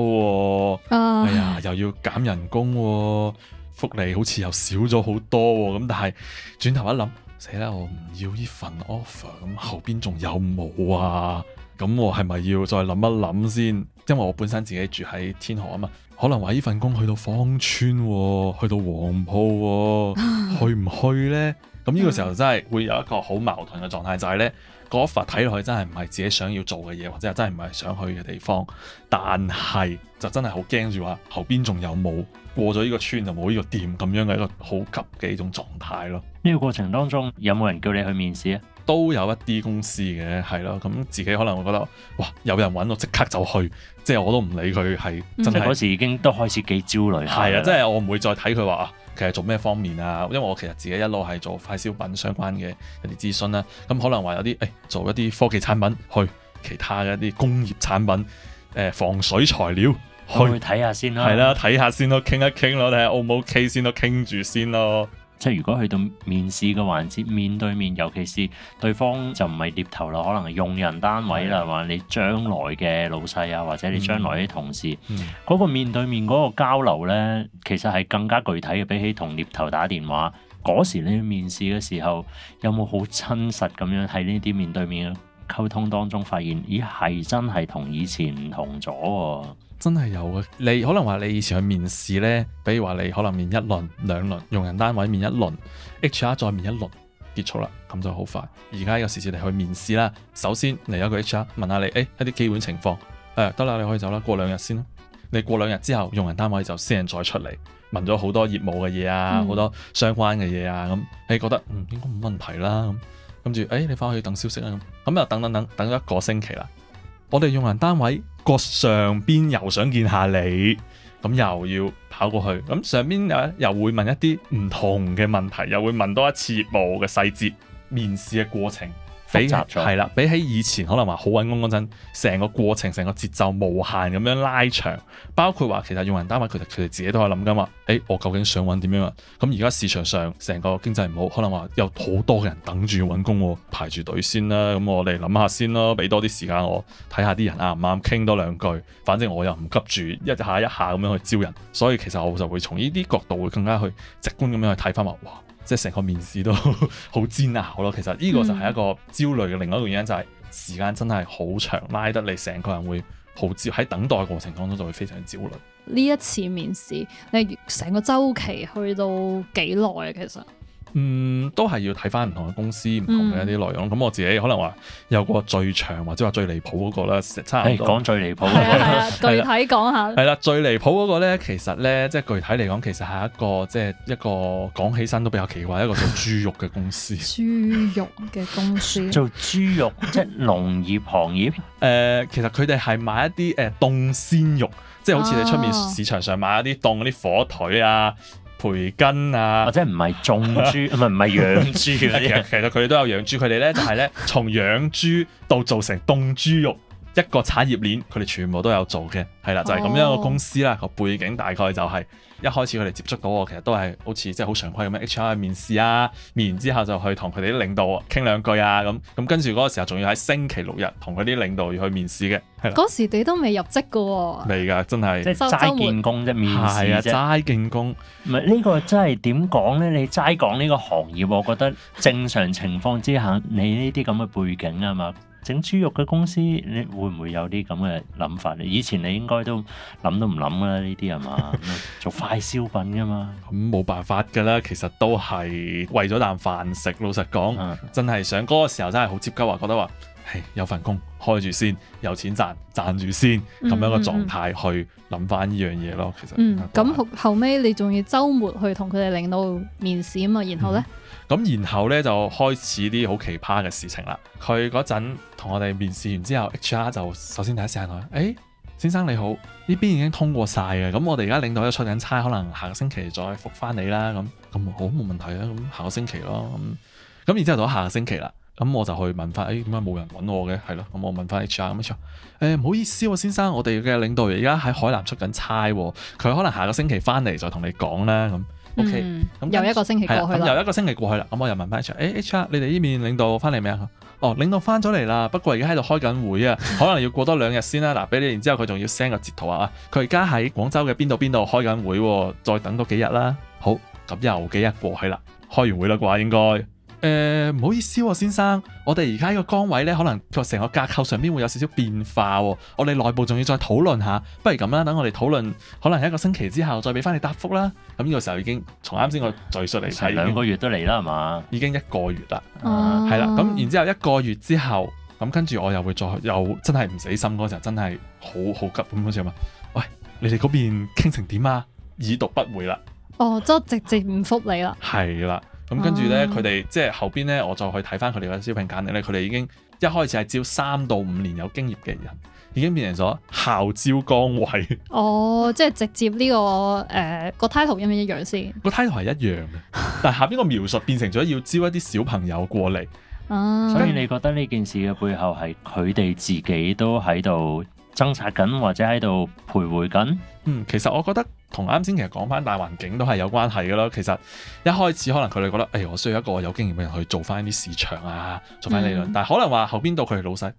喎，啊、哎呀又要減人工、哦，福利好似又少咗好多喎、哦。咁但係轉頭一諗，死啦！我唔要呢份 offer，咁後邊仲有冇啊？咁我係咪要再諗一諗先？因為我本身自己住喺天河啊嘛，可能話呢份工去到芳村，啊，去到黃埔，啊，去唔去呢？咁呢個時候真係會有一個好矛盾嘅狀態，就係、是、呢嗰一 offer 睇落去真係唔係自己想要做嘅嘢，或者又真係唔係想去嘅地方，但係就真係好驚住話後邊仲有冇，過咗呢個村就冇呢個店咁樣嘅一個好急嘅一種狀態咯。呢個過程當中有冇人叫你去面試啊？都有一啲公司嘅，係咯，咁自己可能會覺得，哇，有人揾我即刻就去，即係我都唔理佢係真係、嗯。即係嗰時已經都開始幾焦慮。係啊的，的即係我唔會再睇佢話啊，其實做咩方面啊，因為我其實自己一路係做快消品相關嘅一啲諮詢啦、啊。咁、嗯、可能話有啲誒、欸，做一啲科技產品，去其他嘅一啲工業產品，誒防水材料，去睇下先啦。係啦，睇下先咯，傾一傾咯，睇下 O 唔 O K 先咯，傾住先咯。先咯。即係如果去到面試嘅環節，面對面，尤其是對方就唔係獵頭啦，可能係用人單位啦，或吧你將來嘅老細啊，或者你將來啲同事，嗰、嗯嗯、個面對面嗰個交流呢，其實係更加具體嘅，比起同獵頭打電話嗰時你去面試嘅時候，有冇好真實咁樣喺呢啲面對面嘅溝通當中發現，咦係真係同以前唔同咗喎、啊？真係有嘅。你可能話你以前去面試呢，比如話你可能面一輪、兩輪，用人單位面一輪，HR 再面一輪，結束啦，咁就好快。而家有時時嚟去面試啦，首先嚟一個 HR 問下你，誒一啲基本情況，誒得啦，你可以走啦，過兩日先啦。你過兩日之後，用人單位就先再出嚟問咗好多業務嘅嘢啊，好、嗯、多相關嘅嘢啊，咁你覺得嗯應該冇問題啦，咁跟住誒你翻去等消息啦，咁又等等等等咗一個星期啦，我哋用人單位。個上邊又想見下你，咁又要跑過去，咁上邊又會問一啲唔同嘅問題，又會問多一次業務嘅細節，面試嘅過程。係啦，比起以前可能話好揾工嗰陣，成個過程、成個節奏無限咁樣拉長，包括話其實用人單位佢哋佢哋自己都係諗緊話，誒、欸、我究竟想揾點樣啊？咁而家市場上成個經濟唔好，可能話有好多嘅人等住揾工喎，排住隊先啦。咁我哋諗下先咯，俾多啲時間我睇下啲人啱唔啱，傾多兩句。反正我又唔急住一下一下咁樣去招人，所以其實我就會從呢啲角度會更加去直觀咁樣去睇返話，哇！即係成個面試都 好煎熬咯，其實呢個就係一個焦慮嘅另外一個原因，就係時間真係好長，拉得你成個人會好焦，喺等待過程當中就會非常焦慮。呢一次面試，你成個週期去到幾耐啊？其實？嗯，都係要睇翻唔同嘅公司，唔同嘅一啲內容咯。咁、嗯、我自己可能話有個最長或者話最離譜嗰個咧，實差唔多。講最離譜，具體講下。係啦，最離譜嗰個咧，其實咧，即係具體嚟講，其實係一個即係一個講起身都比較奇怪，一個豬 豬 做豬肉嘅公司。豬肉嘅公司做豬肉即係農業行業。誒、 呃，其實佢哋係買一啲誒凍鮮肉，即係好似你出面市場上買一啲凍嗰啲火腿啊。啊培根啊，或者唔係種豬，唔係 養豬。 其實佢哋都有養豬，佢哋咧就係咧從養豬到做成凍豬肉。一個產業鏈，佢哋全部都有做嘅，係啦，就係、是、咁樣一個公司啦。個、oh. 背景大概就係、是、一開始佢哋接觸到我，其實都係好似即係好常規咁樣，HR 面試啊，面完之後就去同佢哋啲領導傾兩句啊，咁咁跟住嗰個時候仲要喺星期六日同佢啲領導要去面試嘅。嗰時你都未入職噶喎、哦？未噶，真係即係齋見工啫，面試啊。齋見工，唔係呢個真係點講呢？你齋講呢個行業，我覺得正常情況之下，你呢啲咁嘅背景啊嘛。整豬肉嘅公司，你會唔會有啲咁嘅諗法咧？以前你應該都諗都唔諗啦，呢啲係嘛？做快消品㗎嘛，咁冇辦法㗎啦。其實都係為咗啖飯食。老實講，嗯、真係上嗰個時候真係好焦急啊，覺得話係有份工開住先，有錢賺賺住先咁、嗯、樣嘅狀態去諗翻呢樣嘢咯。其實咁、嗯嗯、後尾你仲要周末去同佢哋領導面試啊嘛，然後呢？嗯咁然後咧就開始啲好奇葩嘅事情啦。佢嗰陣同我哋面試完之後，HR 就首先第一時間問我：誒先生你好，呢邊已經通過晒嘅。咁我哋而家領導喺出緊差，可能下個星期再復翻你啦。咁咁好冇問題啊。咁下個星期咯。咁咁然之後到下個星期啦。咁我就去問翻，誒點解冇人揾我嘅？係咯。咁我問翻 HR，咁佢話：誒唔好意思喎、啊，先生，我哋嘅領導而家喺海南出緊差，佢可能下個星期翻嚟再同你講啦。咁 O.K. 咁又一個星期過去啦，又、嗯、一個星期過去啦，咁、嗯、我又問翻一場、欸、，H.R. 你哋呢邊領導翻嚟未啊？哦，領導翻咗嚟啦，不過而家喺度開緊會啊， 可能要過多兩日先啦、啊。嗱，俾你，然之後佢仲要 send 個截圖啊，佢而家喺廣州嘅邊度邊度開緊會、啊，再等多幾日啦。好，咁、嗯、又幾日過去啦？開完會啦啩應該。誒，唔、呃、好意思喎、啊，先生，我哋而家呢個崗位呢，可能個成個架構上邊會有少少變化、啊，我哋內部仲要再討論下。不如咁啦，等我哋討論，可能一個星期之後再俾翻你答覆啦。咁、嗯、呢、這個時候已經從啱先個敘述嚟睇，兩個月都嚟啦，係嘛？已經一個月啦，係啦、啊嗯。咁然之後一個月之後，咁跟住我又會再又真係唔死心嗰時候，真係好好急咁，好似話，喂，你哋嗰邊傾情點啊？已讀不回啦。哦，即係直接唔覆你啦。係啦。 咁跟住咧，佢哋、嗯、即係後邊咧，我再去睇翻佢哋嘅招聘簡歷咧，佢哋已經一開始係招三到五年有經驗嘅人，已經變成咗校招崗位。哦，即係直接呢、呢個誒個 title 一唔一樣先？個 title 係一樣嘅， 但係下邊個描述變成咗要招一啲小朋友過嚟。哦、嗯，所以你覺得呢件事嘅背後係佢哋自己都喺度掙扎緊，或者喺度徘徊緊？嗯，其實我覺得。同啱先其實講翻大環境都係有關係嘅咯。其實一開始可能佢哋覺得，誒、哎、我需要一個有經驗嘅人去做翻啲市場啊，做翻利潤。嗯、但係可能話後邊到佢哋老細，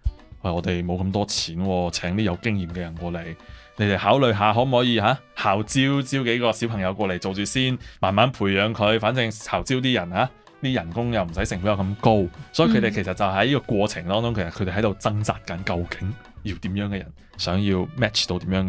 喂，我哋冇咁多錢、啊、請啲有經驗嘅人過嚟，你哋考慮下可唔可以嚇校招招幾個小朋友過嚟做住先，慢慢培養佢。反正校招啲人嚇，啲、啊、人工又唔使成本又咁高，所以佢哋其實就喺呢個過程當中，其實佢哋喺度掙扎緊究竟。要點樣嘅人想要 match 到點樣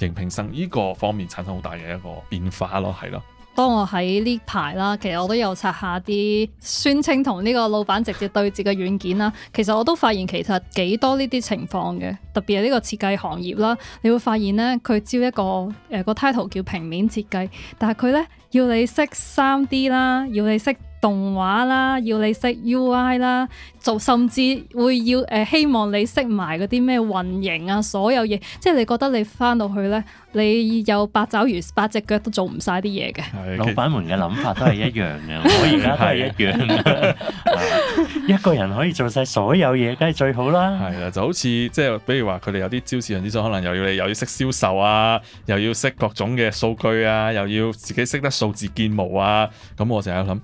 嘅應聘生？呢、這個方面產生好大嘅一個變化咯，係咯。當我喺呢排啦，其實我都有刷下啲宣稱同呢個老闆直接對接嘅軟件啦。其實我都發現其實幾多呢啲情況嘅，特別係呢個設計行業啦，你會發現呢，佢招一個誒、呃這個 title 叫平面設計，但係佢呢。要你識 3D 啦，要你識動畫啦，要你識 UI 啦，就甚至會要誒、呃、希望你識埋嗰啲咩運營啊，所有嘢，即係你覺得你返到去咧，你有八爪魚八隻腳都做唔晒啲嘢嘅。老闆們嘅諗法都係一樣嘅， 我而家都係一樣，一個人可以做晒所有嘢，梗係最好啦。係啦，就好似即係比如話佢哋有啲招市上之中，可能又要你又要識銷售啊，又要識各種嘅數據啊，又要自己識得。數字建模啊，咁我成日諗，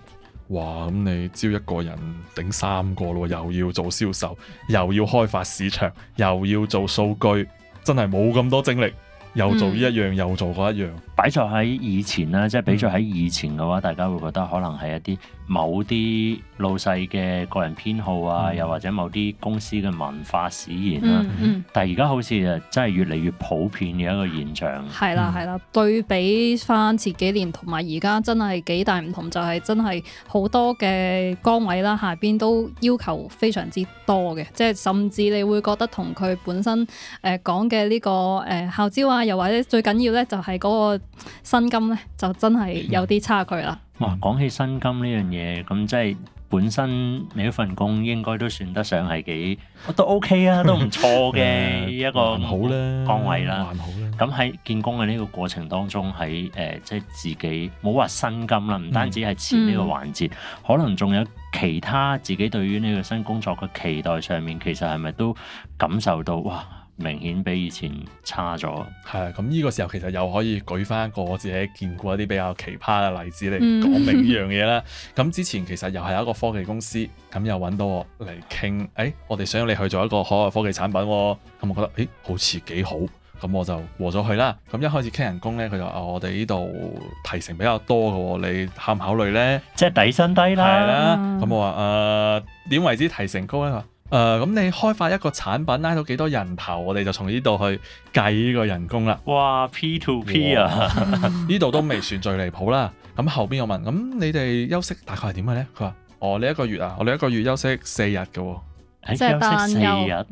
哇，咁你招一個人頂三個咯，又要做銷售，又要開發市場，又要做數據，真係冇咁多精力。又做依一樣，又做嗰一樣。嗯、擺在喺以前啦，即係擺在喺以前嘅話，嗯、大家會覺得可能係一啲某啲老細嘅個人偏好啊，嗯、又或者某啲公司嘅文化使然啊。嗯嗯、但係而家好似誒真係越嚟越普遍嘅一個現象。係啦係啦，對比翻前幾年同埋而家真係幾大唔同，就係、是、真係好多嘅崗位啦，下邊都要求非常之多嘅，即係甚至你會覺得同佢本身誒講嘅呢個誒、呃、校招啊。啊又或者最緊要咧，就係嗰個薪金咧，就真係有啲差距啦。嗯、哇！講起薪金呢樣嘢，咁即係本身你呢份工應該都算得上係幾，都 OK 啊，都唔錯嘅一個崗位啦。咁、 嗯嗯、好啦，咁喺見工嘅呢個過程當中，喺誒、呃、即係自己冇話薪金啦，唔單止係錢呢個環節，嗯、可能仲有其他自己對於呢個新工作嘅期待上面，其實係咪都感受到哇？明顯比以前差咗。係啊！咁、這、呢個時候其實又可以舉翻個我自己見過一啲比較奇葩嘅例子嚟講明呢樣嘢啦。咁 之前其實又係一個科技公司，咁又揾到我嚟傾，誒，我哋想要你去做一個海外科技產品、哦、咁、嗯、我覺得誒好似幾好，咁、嗯、我就和咗去啦。咁、嗯、一開始傾人工呢，佢就話、哦、我哋呢度提成比較多嘅，你考唔考慮呢？即係底薪低啦，咁、嗯嗯、我話誒點為之提成高呢？誒，咁、呃、你開發一個產品拉到幾多人頭，我哋就從呢度去計個人工啦。哇，P to P 啊，呢度哇 都未算最離譜啦。咁後邊我問，咁你哋休息大概係點嘅咧？佢話，哦，你一個月啊，我哋一個月休息四日嘅。呃、休息四日。誒、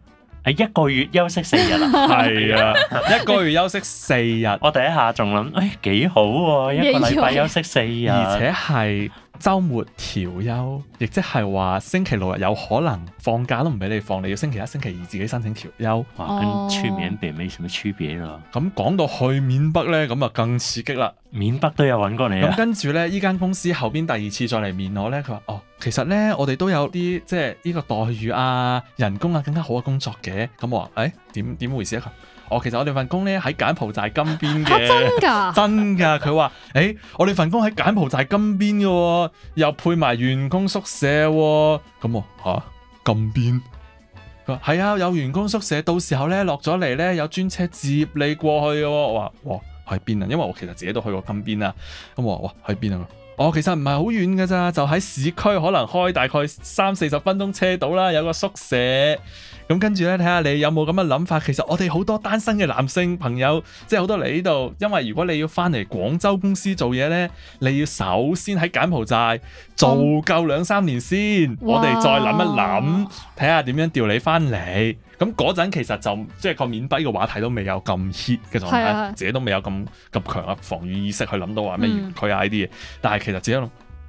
呃，一個月休息四日啊？係啊，一個月休息四日。 我第一下仲諗，誒、哎，幾好喎、啊，一個禮拜休息四日，而且係。周末調休，亦即係話星期六日有可能放假都唔俾你放，你要星期一、星期二自己申請調休。哇、哦，咁出面定咩什麼區別噶？咁講到去緬北咧，咁啊更刺激啦！緬北都有搵過你啊！咁跟住咧，呢間公司後邊第二次再嚟面我咧，佢話哦，其實咧我哋都有啲即係呢個待遇啊、人工啊更加好嘅工作嘅。咁我話誒，點、哎、點回事啊？我其實我哋份工咧喺柬埔寨金邊嘅、啊，真噶真噶。佢話：誒、欸，我哋份工喺柬埔寨金邊嘅，又配埋員工宿舍。咁啊，吓，金邊？佢話：係啊，有員工宿舍，到時候咧落咗嚟咧，有專車接你過去嘅。我話：哇，喺邊啊？因為我其實自己都去過金邊啊。咁我話：哇，喺邊啊？我、哦、其實唔係好遠嘅咋，就喺市區，可能開大概三四十分鐘車到啦，有個宿舍。咁跟住咧，睇下你有冇咁嘅諗法。其實我哋好多單身嘅男性朋友，即係好多嚟呢度。因為如果你要翻嚟廣州公司做嘢咧，你要首先喺柬埔寨做夠兩三年先，嗯、我哋再諗一諗，睇下點樣調你翻嚟。咁嗰陣其實就即係個緬北嘅話題都未有咁 hit 嘅狀態，啊、自己都未有咁咁強嘅防禦意識去諗到話咩越區啊呢啲嘢、嗯。但係其實自己諗。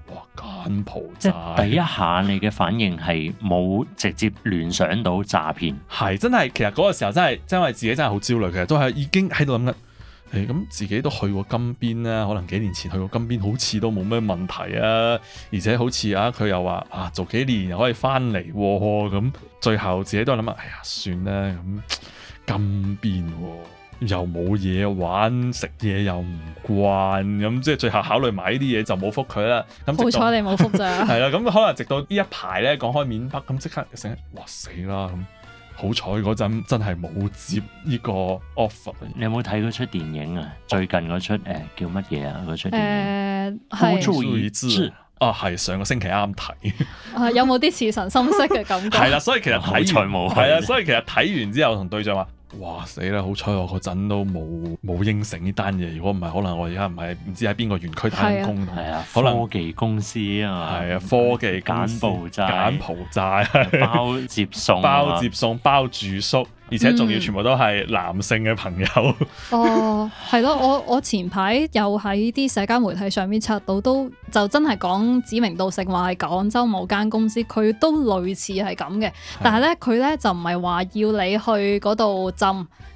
哇！柬埔即係第一下，你嘅反應係冇直接聯想到詐騙，係真係。其實嗰個時候真係，真係自己真係好焦慮嘅，其實都係已經喺度諗緊。誒、欸，咁自己都去過金邊啦，可能幾年前去過金邊，好似都冇咩問題啊。而且好似啊，佢又話啊，做幾年又可以翻嚟咁。最後自己都係諗下，哎呀，算啦咁金邊，啊。又冇嘢玩，食嘢又唔慣，咁即係最後考慮埋呢啲嘢就冇覆佢啦。咁好彩你冇覆咋。係啦， 咁可能直到一呢一排咧講開緬北，咁即刻醒，哇死啦咁。好彩嗰陣真係冇接呢個 offer。你有冇睇嗰出電影啊？最近嗰出誒、呃、叫乜嘢啊？嗰出電影我粗略知啊，係上個星期啱睇。啊、 呃，有冇啲似神心息嘅感覺？係啦， 所以其實睇完冇係啦，所以其實睇完， 完之後同對象話。哇死啦！好彩我嗰陣都冇冇應承呢單嘢，如果唔係，可能我而家唔係唔知喺邊個園區打工，係啊，可能科技公司啊，係啊，科技寨柬埔寨，柬埔寨，包接送啊，包接送，包住宿。而且仲要全部都係男性嘅朋友、嗯。 哦，係咯，我我前排又喺啲社交媒體上面刷到，都就真係講指名道姓話係廣州某間公司，佢都類似係咁嘅。是的 但係咧，佢咧就唔係話要你去嗰度浸，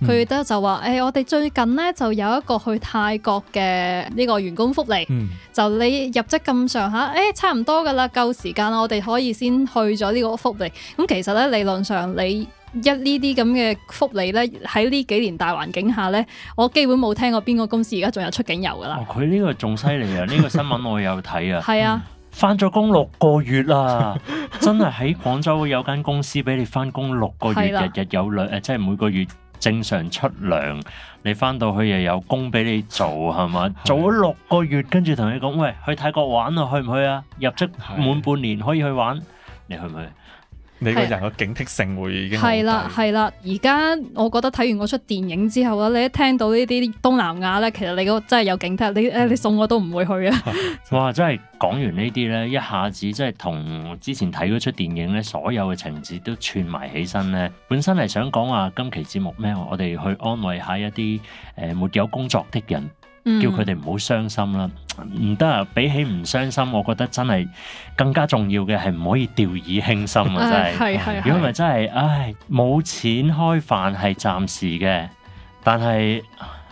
佢都就話誒、嗯欸，我哋最近咧就有一個去泰國嘅呢個員工福利，嗯、就你入職咁上下，誒、哎、差唔多㗎啦，夠時間啦，我哋可以先去咗呢個福利。咁其實咧理論上你。一呢啲咁嘅福利咧，喺呢幾年大環境下咧，我基本冇聽過邊個公司而家仲有出境遊噶啦。佢呢、哦、個仲犀利啊！呢 個新聞我有睇啊。係 啊，翻咗、嗯、工六個月啦、啊， 真係喺廣州有間公司俾你翻工六個月，日日 有糧，誒，即係每個月正常出糧。你翻到去又有工俾你做，係嘛？做咗、啊、六個月，跟住同你講，喂，去泰國玩啊，去唔去啊？入職滿半年可以去玩，你去唔去？ 你個人嘅警惕性會已經係啦係啦，而家我覺得睇完嗰出電影之後咧，你一聽到呢啲東南亞咧，其實你個真係有警惕，你誒你送我都唔會去啊！ 哇，真係講完呢啲咧，一下子真係同之前睇嗰出電影咧，所有嘅情節都串埋起身咧。本身係想講話今期節目咩？我哋去安慰一下一啲誒沒有工作的人，嗯、叫佢哋唔好傷心啦。唔得啊！比起唔傷心，我覺得真係更加重要嘅係唔可以掉以輕心啊！真係，如果唔係真係，唉，冇錢開飯係暫時嘅，但係。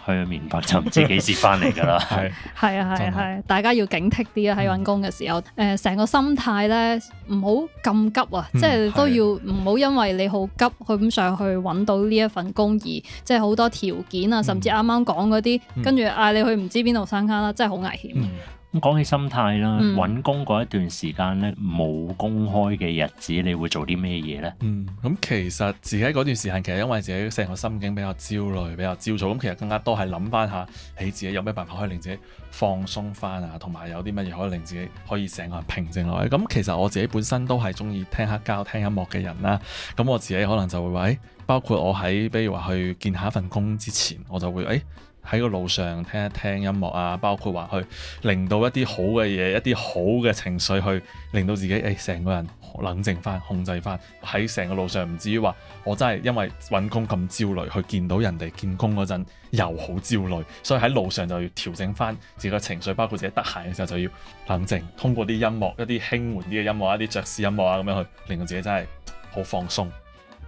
去緬北就唔知幾時翻嚟㗎啦。係，係啊，係啊，大家要警惕啲啊，喺揾工嘅時候，誒成，嗯呃、個心態咧唔好咁急啊，嗯、即係都要唔好因為你好急去咁上去揾到呢一份工而，嗯、即係好多條件啊，嗯、甚至啱啱講嗰啲，跟住嗌你去唔知邊度生卡啦，真係好危險啊。嗯講起心態啦，搵、嗯、工嗰一段時間咧冇公開嘅日子，你會做啲咩嘢呢？嗯，咁其實自己嗰段時間，其實因為自己成個心境比較焦慮，比較焦躁，咁、嗯、其實更加多係諗翻下，你自己有咩辦法可以令自己放鬆翻啊，同埋有啲乜嘢可以令自己可以成個人平靜落去。咁、嗯嗯嗯、其實我自己本身都係中意聽黑膠、聽音樂嘅人啦，咁、嗯、我自己可能就會話、欸，包括我喺，比如話去見下一份工之前，我就會誒。欸喺個路上聽一聽音樂啊，包括話去令到一啲好嘅嘢，一啲好嘅情緒去令到自己誒成、欸、個人冷靜翻、控制翻。喺成個路上唔至於話我真係因為揾工咁焦慮，去見到人哋見工嗰陣又好焦慮，所以喺路上就要調整翻自己嘅情緒，包括自己得閒嘅時候就要冷靜，通過啲音樂、一啲輕緩啲嘅音樂、一啲爵士音樂啊咁樣去令到自己真係好放鬆。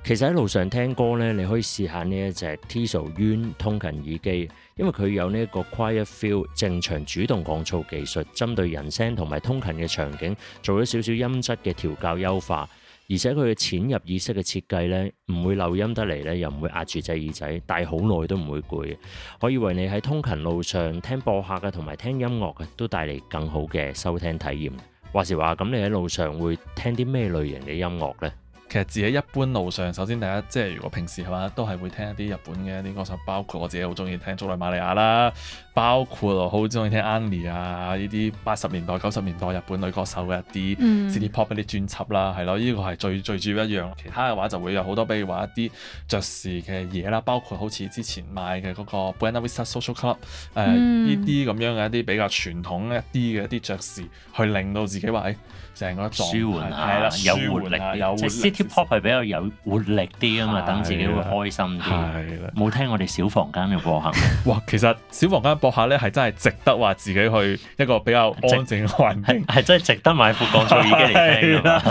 其實喺路上聽歌咧，你可以試下呢一隻 Tezo 鳶通勤耳機。因為佢有呢一個 QuietField 正常主動降噪技術，針對人聲同埋通勤嘅場景做咗少少音質嘅調校優化，而且佢嘅淺入耳式嘅設計呢，唔會漏音得嚟咧，又唔會壓住隻耳仔，戴好耐都唔會攰。可以為你喺通勤路上聽播客嘅同埋聽音樂嘅都帶嚟更好嘅收聽體驗。話時話咁，你喺路上會聽啲咩類型嘅音樂呢？其實自己一般路上，首先第一即係如果平時係話，都係會聽一啲日本嘅一啲歌手，包括我自己好中意聽竹內瑪莉亞啦，包括我好中意聽 Annie 啊呢啲八十年代九十年代日本女歌手嘅一啲 City Pop 嗰啲專輯啦，係咯、嗯，呢、呢個係最最主要一樣。其他嘅話就會有好多，比如話一啲爵士嘅嘢啦，包括好似之前買嘅嗰個 Buena Vista Social Club，誒呢啲咁樣嘅一啲比較傳統一啲嘅一啲爵士，去令到自己話誒成個舒緩一下，有活力，有活力。有啲 pop 係比較有活力啲啊嘛，等的自己會開心啲。冇的聽我哋小房間嘅播客。哇，其實小房間播客咧係真係值得話自己去一個比較安靜嘅環境。係真係值得買副降噪耳機嚟聽啊！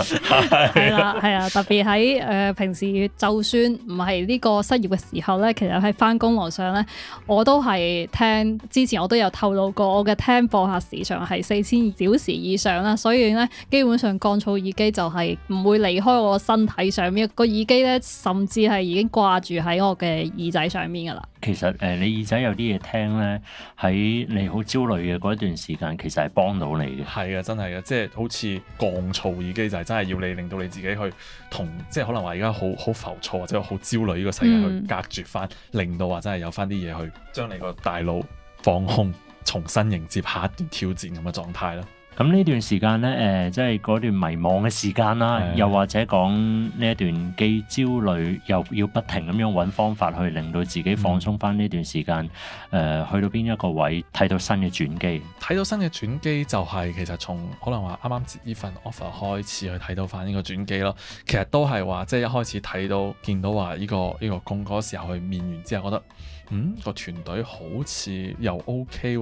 係啦，係啊， 特別喺誒、呃、平時，就算唔係呢個失業嘅時候咧，其實喺翻工路上咧，我都係聽。之前我都有透露過，我嘅聽播客時長係四千小時以上啦，所以咧基本上降噪耳機就係唔會離開我身。身體上面、個耳機咧，甚至係已經掛住喺我嘅耳仔上面噶啦。其實誒、呃，你耳仔有啲嘢聽咧，喺你好焦慮嘅嗰一段時間，其實係幫到你嘅。係啊，真係啊，即、就、係、是、好似降噪耳機就係、是、真係要你令到你自己去同，即、就、係、是、可能話而家好好浮躁或者好焦慮呢個世界去隔絕翻，嗯、令到話真係有翻啲嘢去將你個大腦放空，重新迎接下一段挑戰咁嘅狀態囉。咁呢段時間咧，誒、呃、即係段迷茫嘅時間啦，的又或者講呢一段既焦慮又要不停咁樣揾方法去令到自己放鬆翻呢段時間誒、嗯、去到邊一個位睇到新嘅轉機睇到新嘅轉機就係其實從可能話啱啱接呢份 offer 開始去睇到翻呢個轉機咯。其實都係話即係一開始睇到見到話呢、呢個呢、呢個工時候去面完之後覺得嗯、嗰個團隊好似又 OK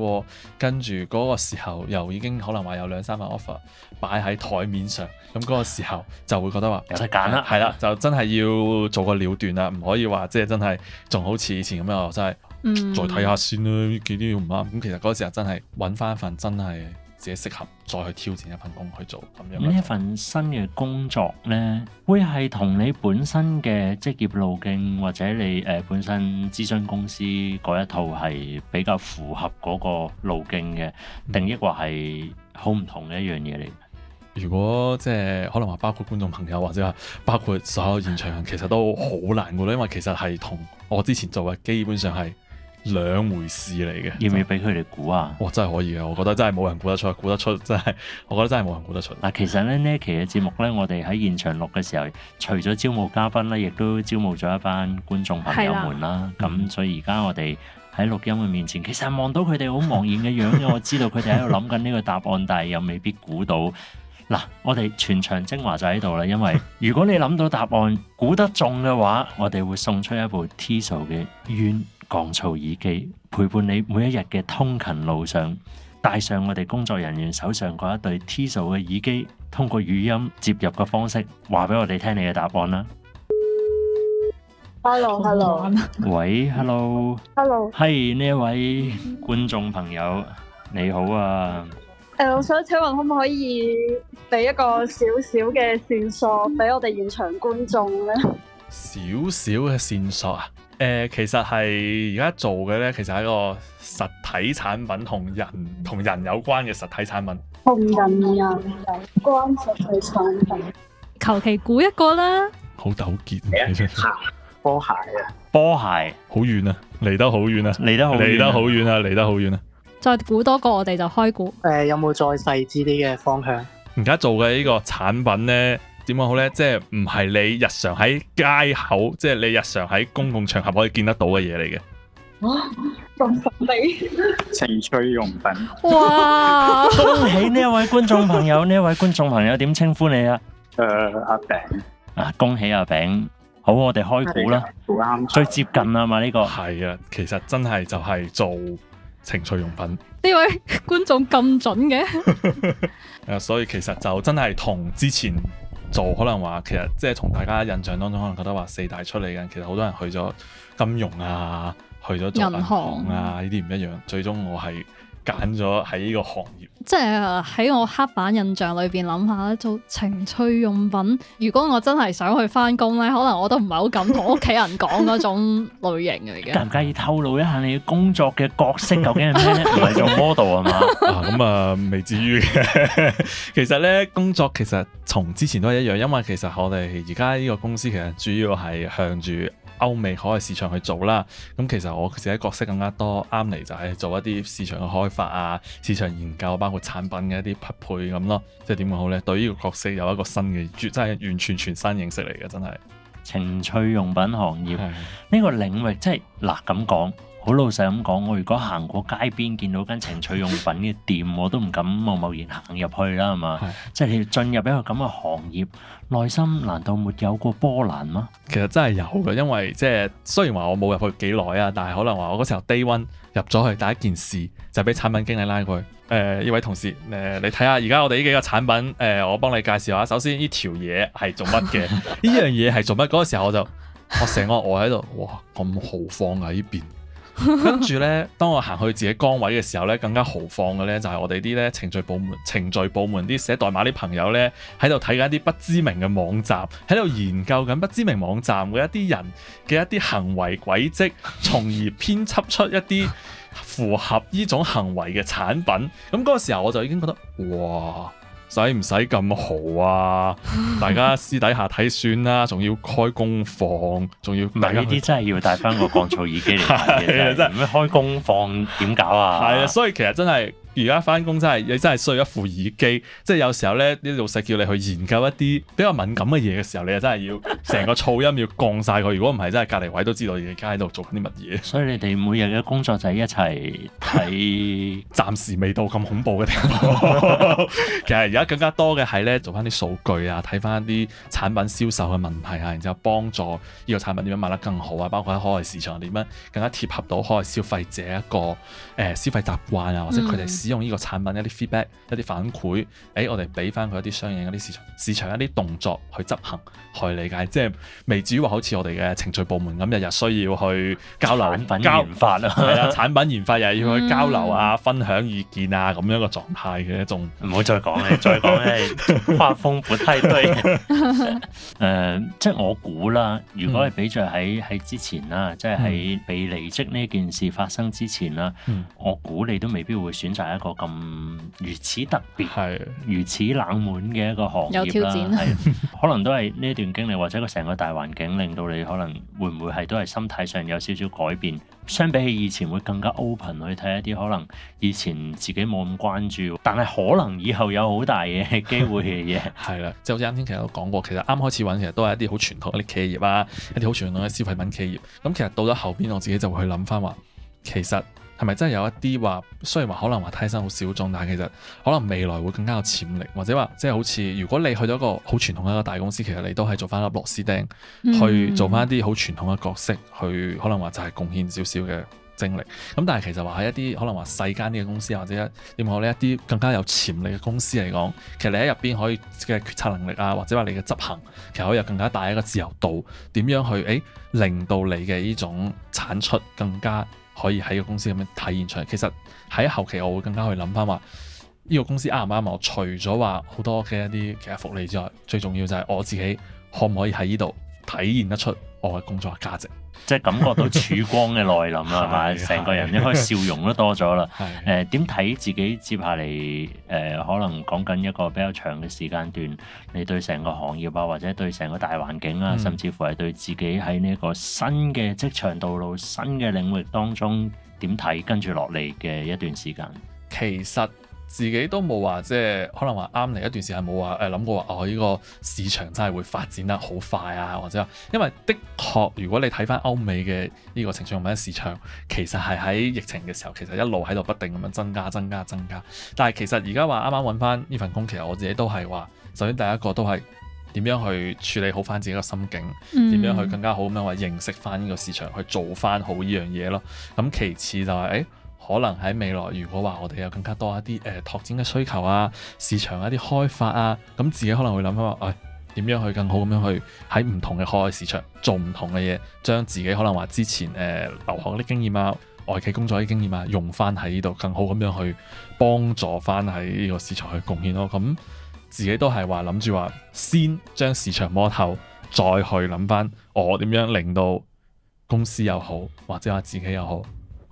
跟住個時候又已經可能話有。兩三個 offer 擺喺台面上，咁嗰個時候就會覺得話有得揀啦，係啦，啊、的就真係要做個了斷啦，唔可以話即係真係仲好似以前咁樣，真係、嗯、再睇下先啦，呢幾啲唔啱。咁其實嗰時候真係揾翻一份真係。自己適合再去挑戰一份工去做咁樣。咁呢份新嘅工作呢，會係同你本身嘅職業路徑或者你誒、呃、本身諮詢公司嗰一套係比較符合嗰個路徑嘅定義，或係好唔同嘅一樣嘢嚟、嗯。如果即、就、係、是、可能話，包括觀眾朋友或者話包括所有現場人，其實都好難㗎，因為其實係同我之前做嘅基本上係。兩回事嚟嘅，要唔要俾佢哋估啊？我真係可以啊，我覺得真係冇人估得出，估得出真係，我覺得真係冇人估得出。嗱，其實咧呢一期嘅節目咧，我哋喺現場錄嘅時候，除咗招募嘉賓咧，亦都招募咗一班觀眾朋友們啦。咁的所以而家我哋喺錄音嘅面前，其實望到佢哋好茫然嘅樣， 我知道佢哋喺度諗緊呢個答案， 但係又未必估到。嗱，我哋全場精華就喺度啦，因為如果你諗到答案估得中嘅話，我哋會送出一部 Tezo 嘅 降噪耳機陪伴你每一日嘅通勤路上，帶上我哋工作人員手上嗰一對 Tezo 嘅耳機，通過語音接入嘅方式，話俾我哋聽你嘅答案啦。Hello，Hello，hello.oh, 喂，Hello，Hello，係呢位觀眾朋友，你好啊。誒，uh, 我想請問可唔可以俾一個小小嘅線索俾我哋現場觀眾呢？小小嘅線索啊？誒、呃，其實係而家做嘅咧，其實係一個實體產品同人同人有關嘅實體產品。同人人有關實體產品，求其估一個啦。好糾結，鞋波鞋啊，波鞋， 波鞋好遠啊，離得好遠啊，離得好，離得好遠啊，離得好遠啊。遠啊，再估多個，我哋就開估。誒、呃，有冇再細緻啲嘅方向？而家做嘅呢個產品咧？點樣好咧？即係唔係你日常喺街口，即係你日常喺公共場合可以見得到嘅嘢嚟嘅啊？咁神秘，情趣用品哇！ 恭喜呢一位觀眾朋友，呢一 位觀眾朋友點稱呼你啊？誒、呃，阿餅啊！恭喜阿餅，好，我哋開估啦，最接近啊嘛呢，這個係啊，其實真係就係做情趣用品呢 位觀眾咁準嘅誒， 所以其實就真係同之前。做可能話，其實即係同大家印象當中可能覺得話四大出嚟嘅，其實好多人去咗金融啊，去咗做銀行啊呢啲唔一樣。最終我係。揀咗喺呢個行業，即係喺我刻板印象裏邊諗下做情趣用品。如果我真係想去翻工咧，可能我都唔係好敢同屋企人講嗰種類型嚟嘅。介唔介意透露一下你工作嘅角色究竟係咩係做 model 係嘛？咁啊未、啊、至於嘅。 其實咧，工作其實同之前都係一樣，因為其實我哋而家呢個公司其實主要係向住。歐美海外市場去做啦，咁其實我自己角色更加多，啱嚟就係做一啲市場嘅開發啊、市場研究，包括產品嘅一啲匹配咁咯。即係點講好呢？對呢個角色有一個新嘅，即係完全全新認識嚟嘅，真係情趣用品行業呢個領域，即係嗱咁講。好老實咁講，我如果行過街邊見到間情趣用品嘅店， 我都唔敢冒冒然行入去啦，係嘛？即係你要進入一個咁嘅行業，內心難道沒有個波瀾嗎？其實真係有嘅，因為即係雖然話我冇入去幾耐啊，但係可能話我嗰時候低 a 入咗去，第一件事就係俾產品經理拉過去。誒、呃，依位同事，誒、呃，你睇下而家我哋呢幾個產品，誒、呃，我幫你介紹下。首先，呢條嘢係做乜嘅？呢樣嘢係做乜？嗰時候我就我成個呆喺度，哇，咁豪放啊！呢邊～跟住呢，當我行去自己崗位嘅時候呢，更加豪放嘅呢，就係我哋啲呢程序部門、程序部門啲寫代碼啲朋友呢，喺度睇緊一啲不知名嘅網站，喺度研究緊不知名網站嘅一啲人嘅一啲行為軌跡，從而編輯出一啲符合呢種行為嘅產品。咁嗰個時候我就已經覺得，哇！使唔使咁豪啊？大家私底下睇算啦，仲要開功放，仲要，但係呢啲真係要帶翻個降噪耳機嚟。睇真係唔開功放點搞啊？係啊，所以其實真係。而家翻工真係，你真係需要一副耳機，即係有時候咧，啲老細叫你去研究一啲比較敏感嘅嘢嘅時候，你又真係要成個噪音要降晒佢。如果唔係，真係隔離位都知道而家喺度做緊啲乜嘢。所以你哋每日嘅工作就係一齊睇， 暫時未到咁恐怖嘅地方。 其實而家更加多嘅係咧，做翻啲數據啊，睇翻啲產品銷售嘅問題啊，然之後幫助呢個產品點樣賣得更好啊，包括喺海外市場點樣更加貼合到海外消費者一個誒、呃、消費習慣啊，或者佢哋、嗯。使用呢個產品一啲 feedback，一啲反饋，誒，我哋俾翻佢一啲相應一啲市場、市場一啲動作去執行，去理解。即係未至於話好似我哋嘅程序部門咁，日日需要去交流，產品研發啊，係啦，產品研發又要去交流啊、分享意見啊，咁樣嘅狀態嘅一種。唔好再講啦，再講咧，話豐富太堆。誒，即係我估啦，如果係比著喺喺之前啦，即係喺被離職呢件事發生之前啦，我估你都未必會選擇。一個咁如此特別、係的如此冷門嘅一個行業啦，係可能都係呢一段經歷或者個成個大環境令到你可能會唔會係都係心態上有少少改變，相比起以前會更加 open 去睇一啲可能以前自己冇咁關注，但係可能以後有好大嘅機會嘅嘢。係啦， 即好似啱先其實都講過，其實啱開始揾其實都係一啲好傳統嘅啲企業啊，一啲好傳統嘅消費品企業。咁其實到咗後邊，我自己就會去諗翻話，其實。係咪真係有一啲話？雖然話可能話太新好小眾，但係其實可能未來會更加有潛力，或者話即係好似如果你去咗一個好傳統嘅一個大公司，其實你都係做翻粒螺絲釘，去做翻一啲好傳統嘅角色，去可能話就係貢獻少少嘅精力。咁、嗯、但係其實話喺一啲可能話細間啲嘅公司，或者點講呢一啲更加有潛力嘅公司嚟講，其實你喺入邊可以嘅決策能力啊，或者話你嘅執行，其實可以有更加大一個自由度，點樣去誒令到你嘅呢種產出更加？可以喺個公司咁樣體現出嚟。其實喺後期，我會更加去諗翻話呢個公司啱唔啱？我除咗話好多嘅一啲其實福利之外，最重要就係我自己可唔可以喺呢度體現得出我嘅工作價值。即係感覺到曙光嘅來臨啊嘛，成 是個人應該笑容都多咗啦。誒點睇自己接下嚟誒、呃，可能講緊一個比較長嘅時間段，你對成個行業啊，或者對成個大環境啊，嗯、甚至乎係對自己喺呢一個新嘅職場道路、新嘅領域當中點睇，跟住落嚟嘅一段時間。其實。自己都冇話，即係可能話啱嚟一段時間冇話誒諗過話，哦呢、呢個市場真係會發展得好快啊，或者因為的確，如果你睇翻歐美嘅呢個成長品市場，其實係喺疫情嘅時候，其實一路喺度不定咁樣增加、增加、增加。但係其實而家話啱啱揾翻呢份工，其實我自己都係話，首先第一個都係點樣去處理好翻自己個心境，點樣、嗯、去更加好咁樣話認識翻呢個市場，去做翻好呢樣嘢咯。咁其次就係、是、誒。哎可能喺未來，如果話我哋有更加多一啲誒、呃、拓展嘅需求啊，市場一啲開發啊，咁、嗯、自己可能會諗下，誒、哎、點樣去更好咁樣去喺唔同嘅海外市場做唔同嘅嘢，將自己可能話之前誒留學啲經驗啊，外企工作啲經驗啊，用翻喺呢度更好咁樣去幫助翻喺呢個市場去貢獻咯。咁、嗯、自己都係話諗住話先將市場摸透，再去諗翻我點樣令到公司又好，或者話自己又好。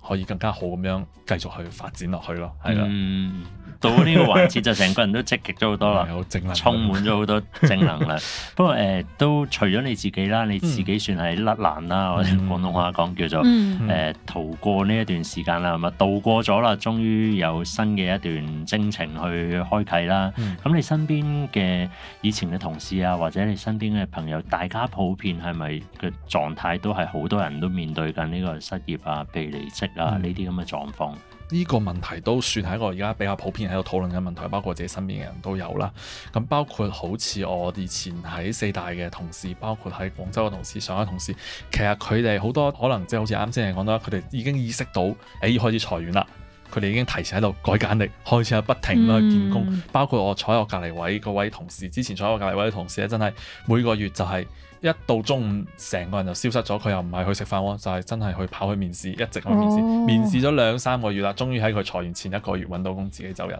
可以更加好咁樣繼續去發展落去咯，係啦。嗯到呢個環節 就成個人都積極咗好多啦， 充滿咗好多正能量。 不過誒、呃，都除咗你自己啦，你自己算係甩難啦，或者、嗯、廣東話講叫做誒、嗯呃、逃過呢一段時間啦，係、嗯、咪度過咗啦？終於有新嘅一段征程去開啓啦。咁、嗯、你身邊嘅以前嘅同事啊，或者你身邊嘅朋友，大家普遍係咪嘅狀態都係好多人都面對緊呢個失業啊、被離職啊呢啲咁嘅狀況？呢個問題都算係一個而家比較普遍喺度討論嘅問題，包括自己身邊嘅人都有啦。咁包括好似我以前喺四大嘅同事，包括喺廣州嘅同事、上海同事，其實佢哋好多可能即係好似啱先你講到，佢哋已經意識到，哎，開始裁員啦，佢哋已經提前喺度改簡歷，開始喺不停啦見工。嗯、包括我坐喺我隔離位嗰位同事，之前坐喺我隔離位嘅同事咧，真係每個月就係、是。一到中午，成個人就消失咗。佢又唔係去食飯喎，就係真係去跑去面試，一直去面試。Oh. 面試咗兩三個月啦，終於喺佢裁員前一個月揾到工，自己走人。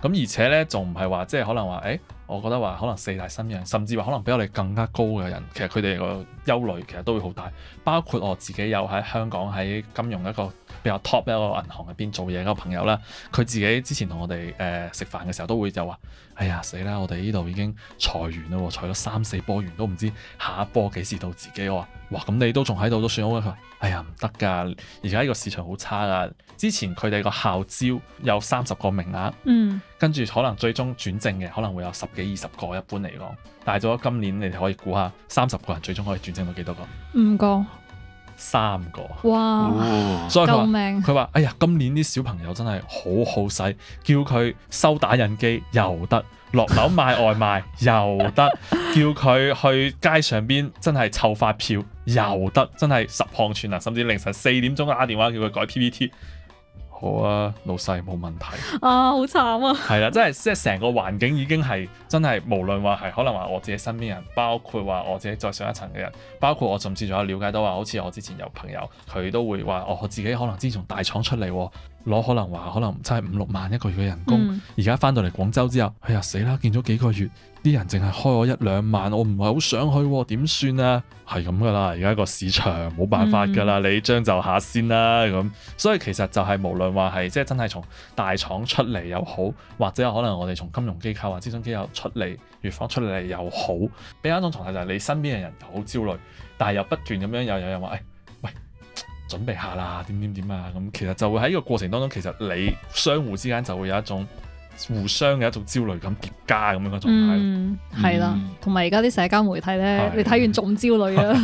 咁而且呢，仲唔係話即係可能話，誒、欸。我覺得話可能四大新人，甚至話可能比我哋更加高嘅人，其實佢哋個憂慮其實都會好大。包括我自己有喺香港喺金融一個比較 top 一個銀行入邊做嘢嘅朋友啦，佢自己之前同我哋誒食飯嘅時候都會就話：哎呀死啦！我哋呢度已經裁完啦，裁咗三四波完都唔知下一波幾時到自己。我話：哇咁你都仲喺度都算好咧。佢話：哎呀唔得㗎，而家呢個市場好差啊。之前佢哋個校招有三十個名額。嗯。跟住可能最終轉正嘅可能會有十幾二十個，一般嚟講。但係咗今年，你哋可以估下三十個人最終可以轉正到幾多個？五個、三個。哇！所以佢佢話：哎呀，今年啲小朋友真係好好使，叫佢收打印機又得，落樓買外賣又得， 叫佢去街上邊真係湊發票又得，真係十項全能，甚至凌晨四點鐘打電話叫佢改 PPT。好啊，哦，老細冇問題啊，好慘啊，係啦， 真係即係成個環境已經係真係，無論話係可能話我自己身邊人，包括話我自己再上一層嘅人，包括我甚至仲有了解到話，好似我之前有朋友，佢都會話，我自己可能之前從大廠出嚟攞，可能話可能差係五六萬一個月嘅人工，而家翻到嚟廣州之後，佢，哎呀，又死啦，見咗幾個月。啲人淨係開我一兩萬，我唔係好想去，點算啊？係咁噶啦，而家個市場冇辦法噶啦，嗯、你將就下先啦咁。所以其實就係無論話係即係真係從大廠出嚟又好，或者可能我哋從金融機構或諮詢機構出嚟、月方出嚟又好，俾一種狀態就係你身邊嘅人好焦慮，但係又不斷咁樣又有人話：喂、哎、喂，準備下啦，點點點啊！咁其實就會喺個過程當中，其實你相互之間就會有一種，互相嘅一種焦慮感，疊加咁樣嘅狀態，係啦、嗯，同埋而家啲社交媒體咧，的你睇完仲焦慮啊，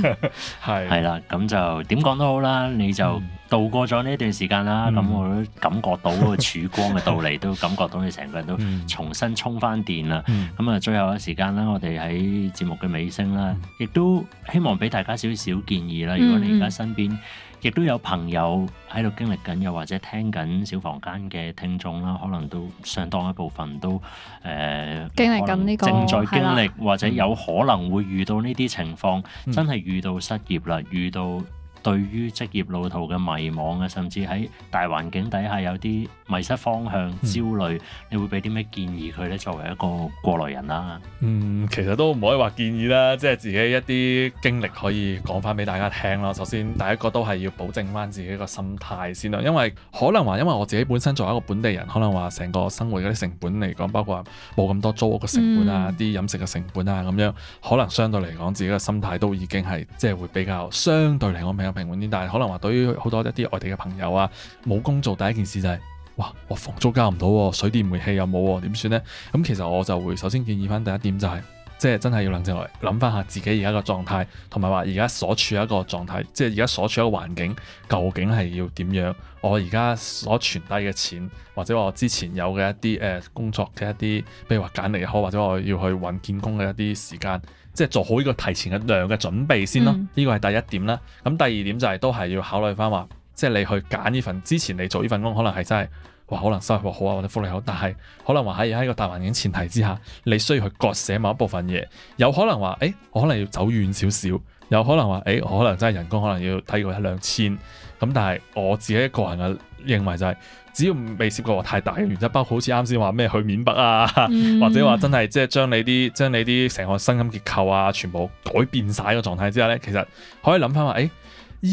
係 的，係啦，咁就點講都好啦，你就度過咗呢一段時間啦，咁、嗯、我都感覺到嗰個曙光嘅到嚟， 都感覺到你成個人都重新充翻電啦。咁啊、嗯，就最後一時間啦，我哋喺節目嘅尾聲啦，亦都希望俾大家少少建議啦。如果你而家身邊、嗯，亦都有朋友喺度經歷緊，又或者聽緊小房間嘅聽眾啦，可能都相當一部分都誒、呃、經歷緊呢個正在經歷，這個、或者有可能會遇到呢啲情況，嗯、真係遇到失業啦，遇到。對於職業路途嘅迷茫啊，甚至喺大環境底下有啲迷失方向、焦慮，嗯、你會俾啲咩建議佢咧？作為一個過來人啦，嗯，其實都唔可以話建議啦，即係自己一啲經歷可以講翻俾大家聽咯。首先，第一個都係要保證翻自己個心態先啦，因為可能話因為我自己本身作為一個本地人，可能話成個生活嗰啲成本嚟講，包括話冇咁多租屋嘅成本啊、啲、嗯、飲食嘅成本啊咁樣，可能相對嚟講自己嘅心態都已經係即係會比較相對嚟講平穩啲，但係可能話對於好多一啲外地嘅朋友啊，冇工做第一件事就係，哇，我房租交唔到，水電煤氣又冇，點算呢？嗯，咁其實我就會首先建議翻第一點就係，即係真係要冷靜落嚟諗翻下自己而家嘅狀態，同埋話而家所處一個狀態，即係而家所處一個環境究竟係要點樣？我而家所存低嘅錢，或者我之前有嘅一啲誒工作嘅一啲，比如話簡歷好，或者我要去揾見工嘅一啲時間。即係做好呢個提前嘅量嘅準備先咯，呢、嗯、個係第一點啦。咁第二點就係都係要考慮翻話，即、就、係、是、你去揀呢份之前你做呢份工，可能係真係話可能收入好啊或者福利好，但係可能話喺喺個大環境前提之下，你需要去割捨某一部分嘢。有可能話，誒我可能要走遠少少，有可能話，誒我可能真係人工可能要低過一兩千。咁但係我自己一個人嘅認為就係、是。只要未涉過太大嘅原則，包括好似啱先話咩去緬北啊，嗯、或者話真係即係將你啲將你啲成個聲音結構啊，全部改變晒嘅狀態之下呢，其實可以諗翻話，誒、欸、呢、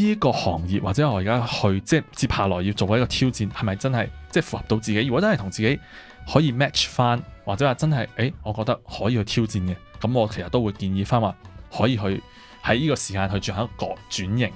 呢個行業或者我而家去即接下來要做一個挑戰，係咪真係即係符合到自己？如果真係同自己可以 match 翻，或者話真係誒、欸，我覺得可以去挑戰嘅，咁我其實都會建議翻話可以去喺呢個時間去進行一個轉型。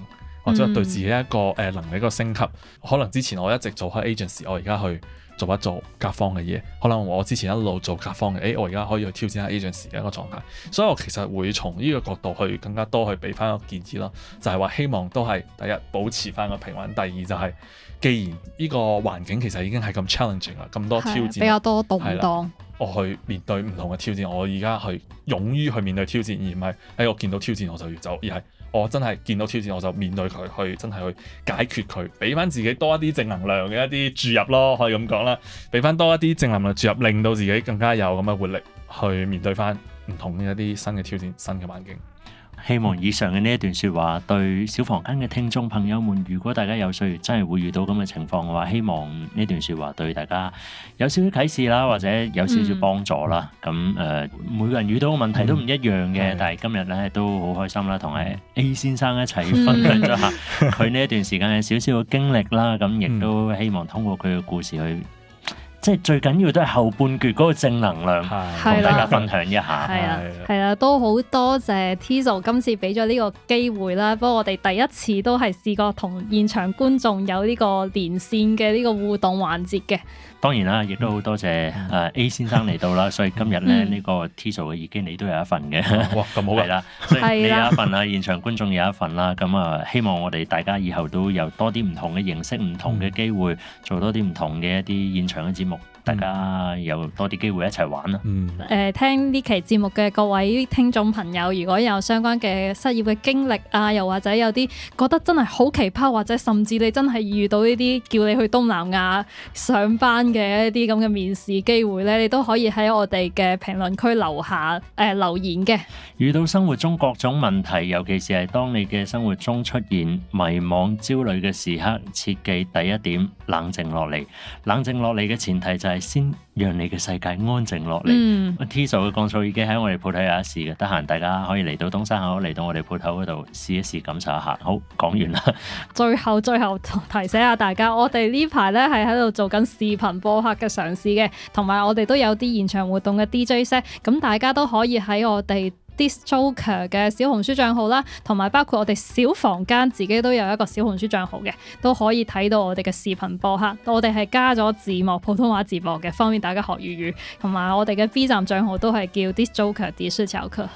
或者對自己一個誒能力一個升級，可能之前我一直做開 agency，我而家去做一做甲方嘅嘢，可能我之前一路做甲方嘅，誒我而家可以去挑戰下 agency 嘅一個狀態，所以我其實會從呢個角度去更加多去俾翻一個建議咯，就係話希望都係第一保持翻個平穩，第二就係既然呢個環境其實已經係咁 challenging 啦，咁多挑戰比較多動盪，我去面對唔同嘅挑戰，我而家去勇於去面對挑戰，而唔係誒我見到挑戰我就要走，而係。我真係見到挑戰，我就面對佢，去真係去解決佢，俾翻自己多一啲正能量嘅一啲注入咯，可以咁講啦，俾翻多一啲正能量注入，令到自己更加有咁嘅活力去面對翻唔同嘅一啲新嘅挑戰、新嘅環境。希望以上嘅呢一段說話對小房間嘅聽眾朋友們，如果大家有需要真係會遇到咁嘅情況嘅話，希望呢段說話對大家有少少啟示啦，或者有少少幫助啦。咁誒、嗯嗯，每個人遇到嘅問題都唔一樣嘅，嗯、但係今日咧都好開心啦，同阿 A 先生一齊分享咗下佢呢一段時間嘅少少嘅經歷啦。咁亦都希望通過佢嘅故事去。即係最緊要都係後半句嗰個正能量，同的大家分享一下。係啊，係啊的，都好多謝 Tezo 今次俾咗呢個機會啦。不過我哋第一次都係試過同現場觀眾有呢個連線嘅呢個互動環節嘅。當然啦，亦都好多謝誒 A 先生嚟到啦， 所以今日咧呢、嗯、個 Tezo 嘅耳機你都有一份嘅。哇，咁好嘅，係啦， 所以你有一份啦， 現場觀眾有一份啦，咁啊，希望我哋大家以後都有多啲唔同嘅形式、唔同嘅機會，做多啲唔同嘅一啲現場嘅節目。大家有多啲機會一齊玩啦！誒、嗯，uh, 聽呢期節目嘅各位聽眾朋友，如果有相關嘅失業嘅經歷啊，又或者有啲覺得真係好奇葩，或者甚至你真係遇到呢啲叫你去東南亞上班嘅一啲咁嘅面試機會咧，你都可以喺我哋嘅評論區留下誒、呃、留言嘅。遇到生活中各種問題，尤其是係當你嘅生活中出現迷惘、焦慮嘅時刻，切記第一點。冷靜落嚟，冷靜落嚟嘅前提就係先讓你嘅世界安靜落嚟。嗯、Tezo 嘅降噪耳機喺我哋鋪頭有得試嘅，得閒大家可以嚟到東山口，嚟到我哋鋪頭嗰度試一試感受一下。好，講完啦。最後最後提醒下大家，我哋呢排呢係喺度做緊視頻播客嘅嘗試嘅，同埋我哋都有啲現場活動嘅 DJ set，咁大家都可以喺我哋。DISC JOKER 嘅小紅書賬號啦，同埋包括我哋小房間自己都有一個小紅書賬號嘅，都可以睇到我哋嘅視頻播客。我哋係加咗字幕，普通話字幕嘅，方便大家學粵語，語。同埋我哋嘅 B 站賬號都係叫 DISC JOKER，DISC JOKER。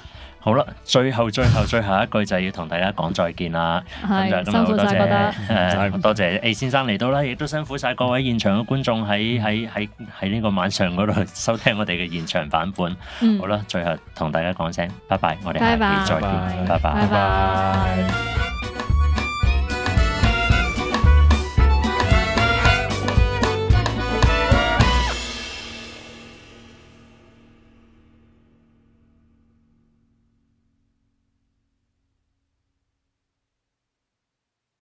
好啦，最後最後最後一句就係要同大家講再見啦。係， 辛苦晒， uh, 多謝。A 先生嚟到啦，亦都辛苦晒各位現場嘅觀眾喺喺喺喺呢個晚上嗰度收聽我哋嘅現場版本。嗯、好啦，最後同大家講聲，拜拜，我哋下期再見，拜拜。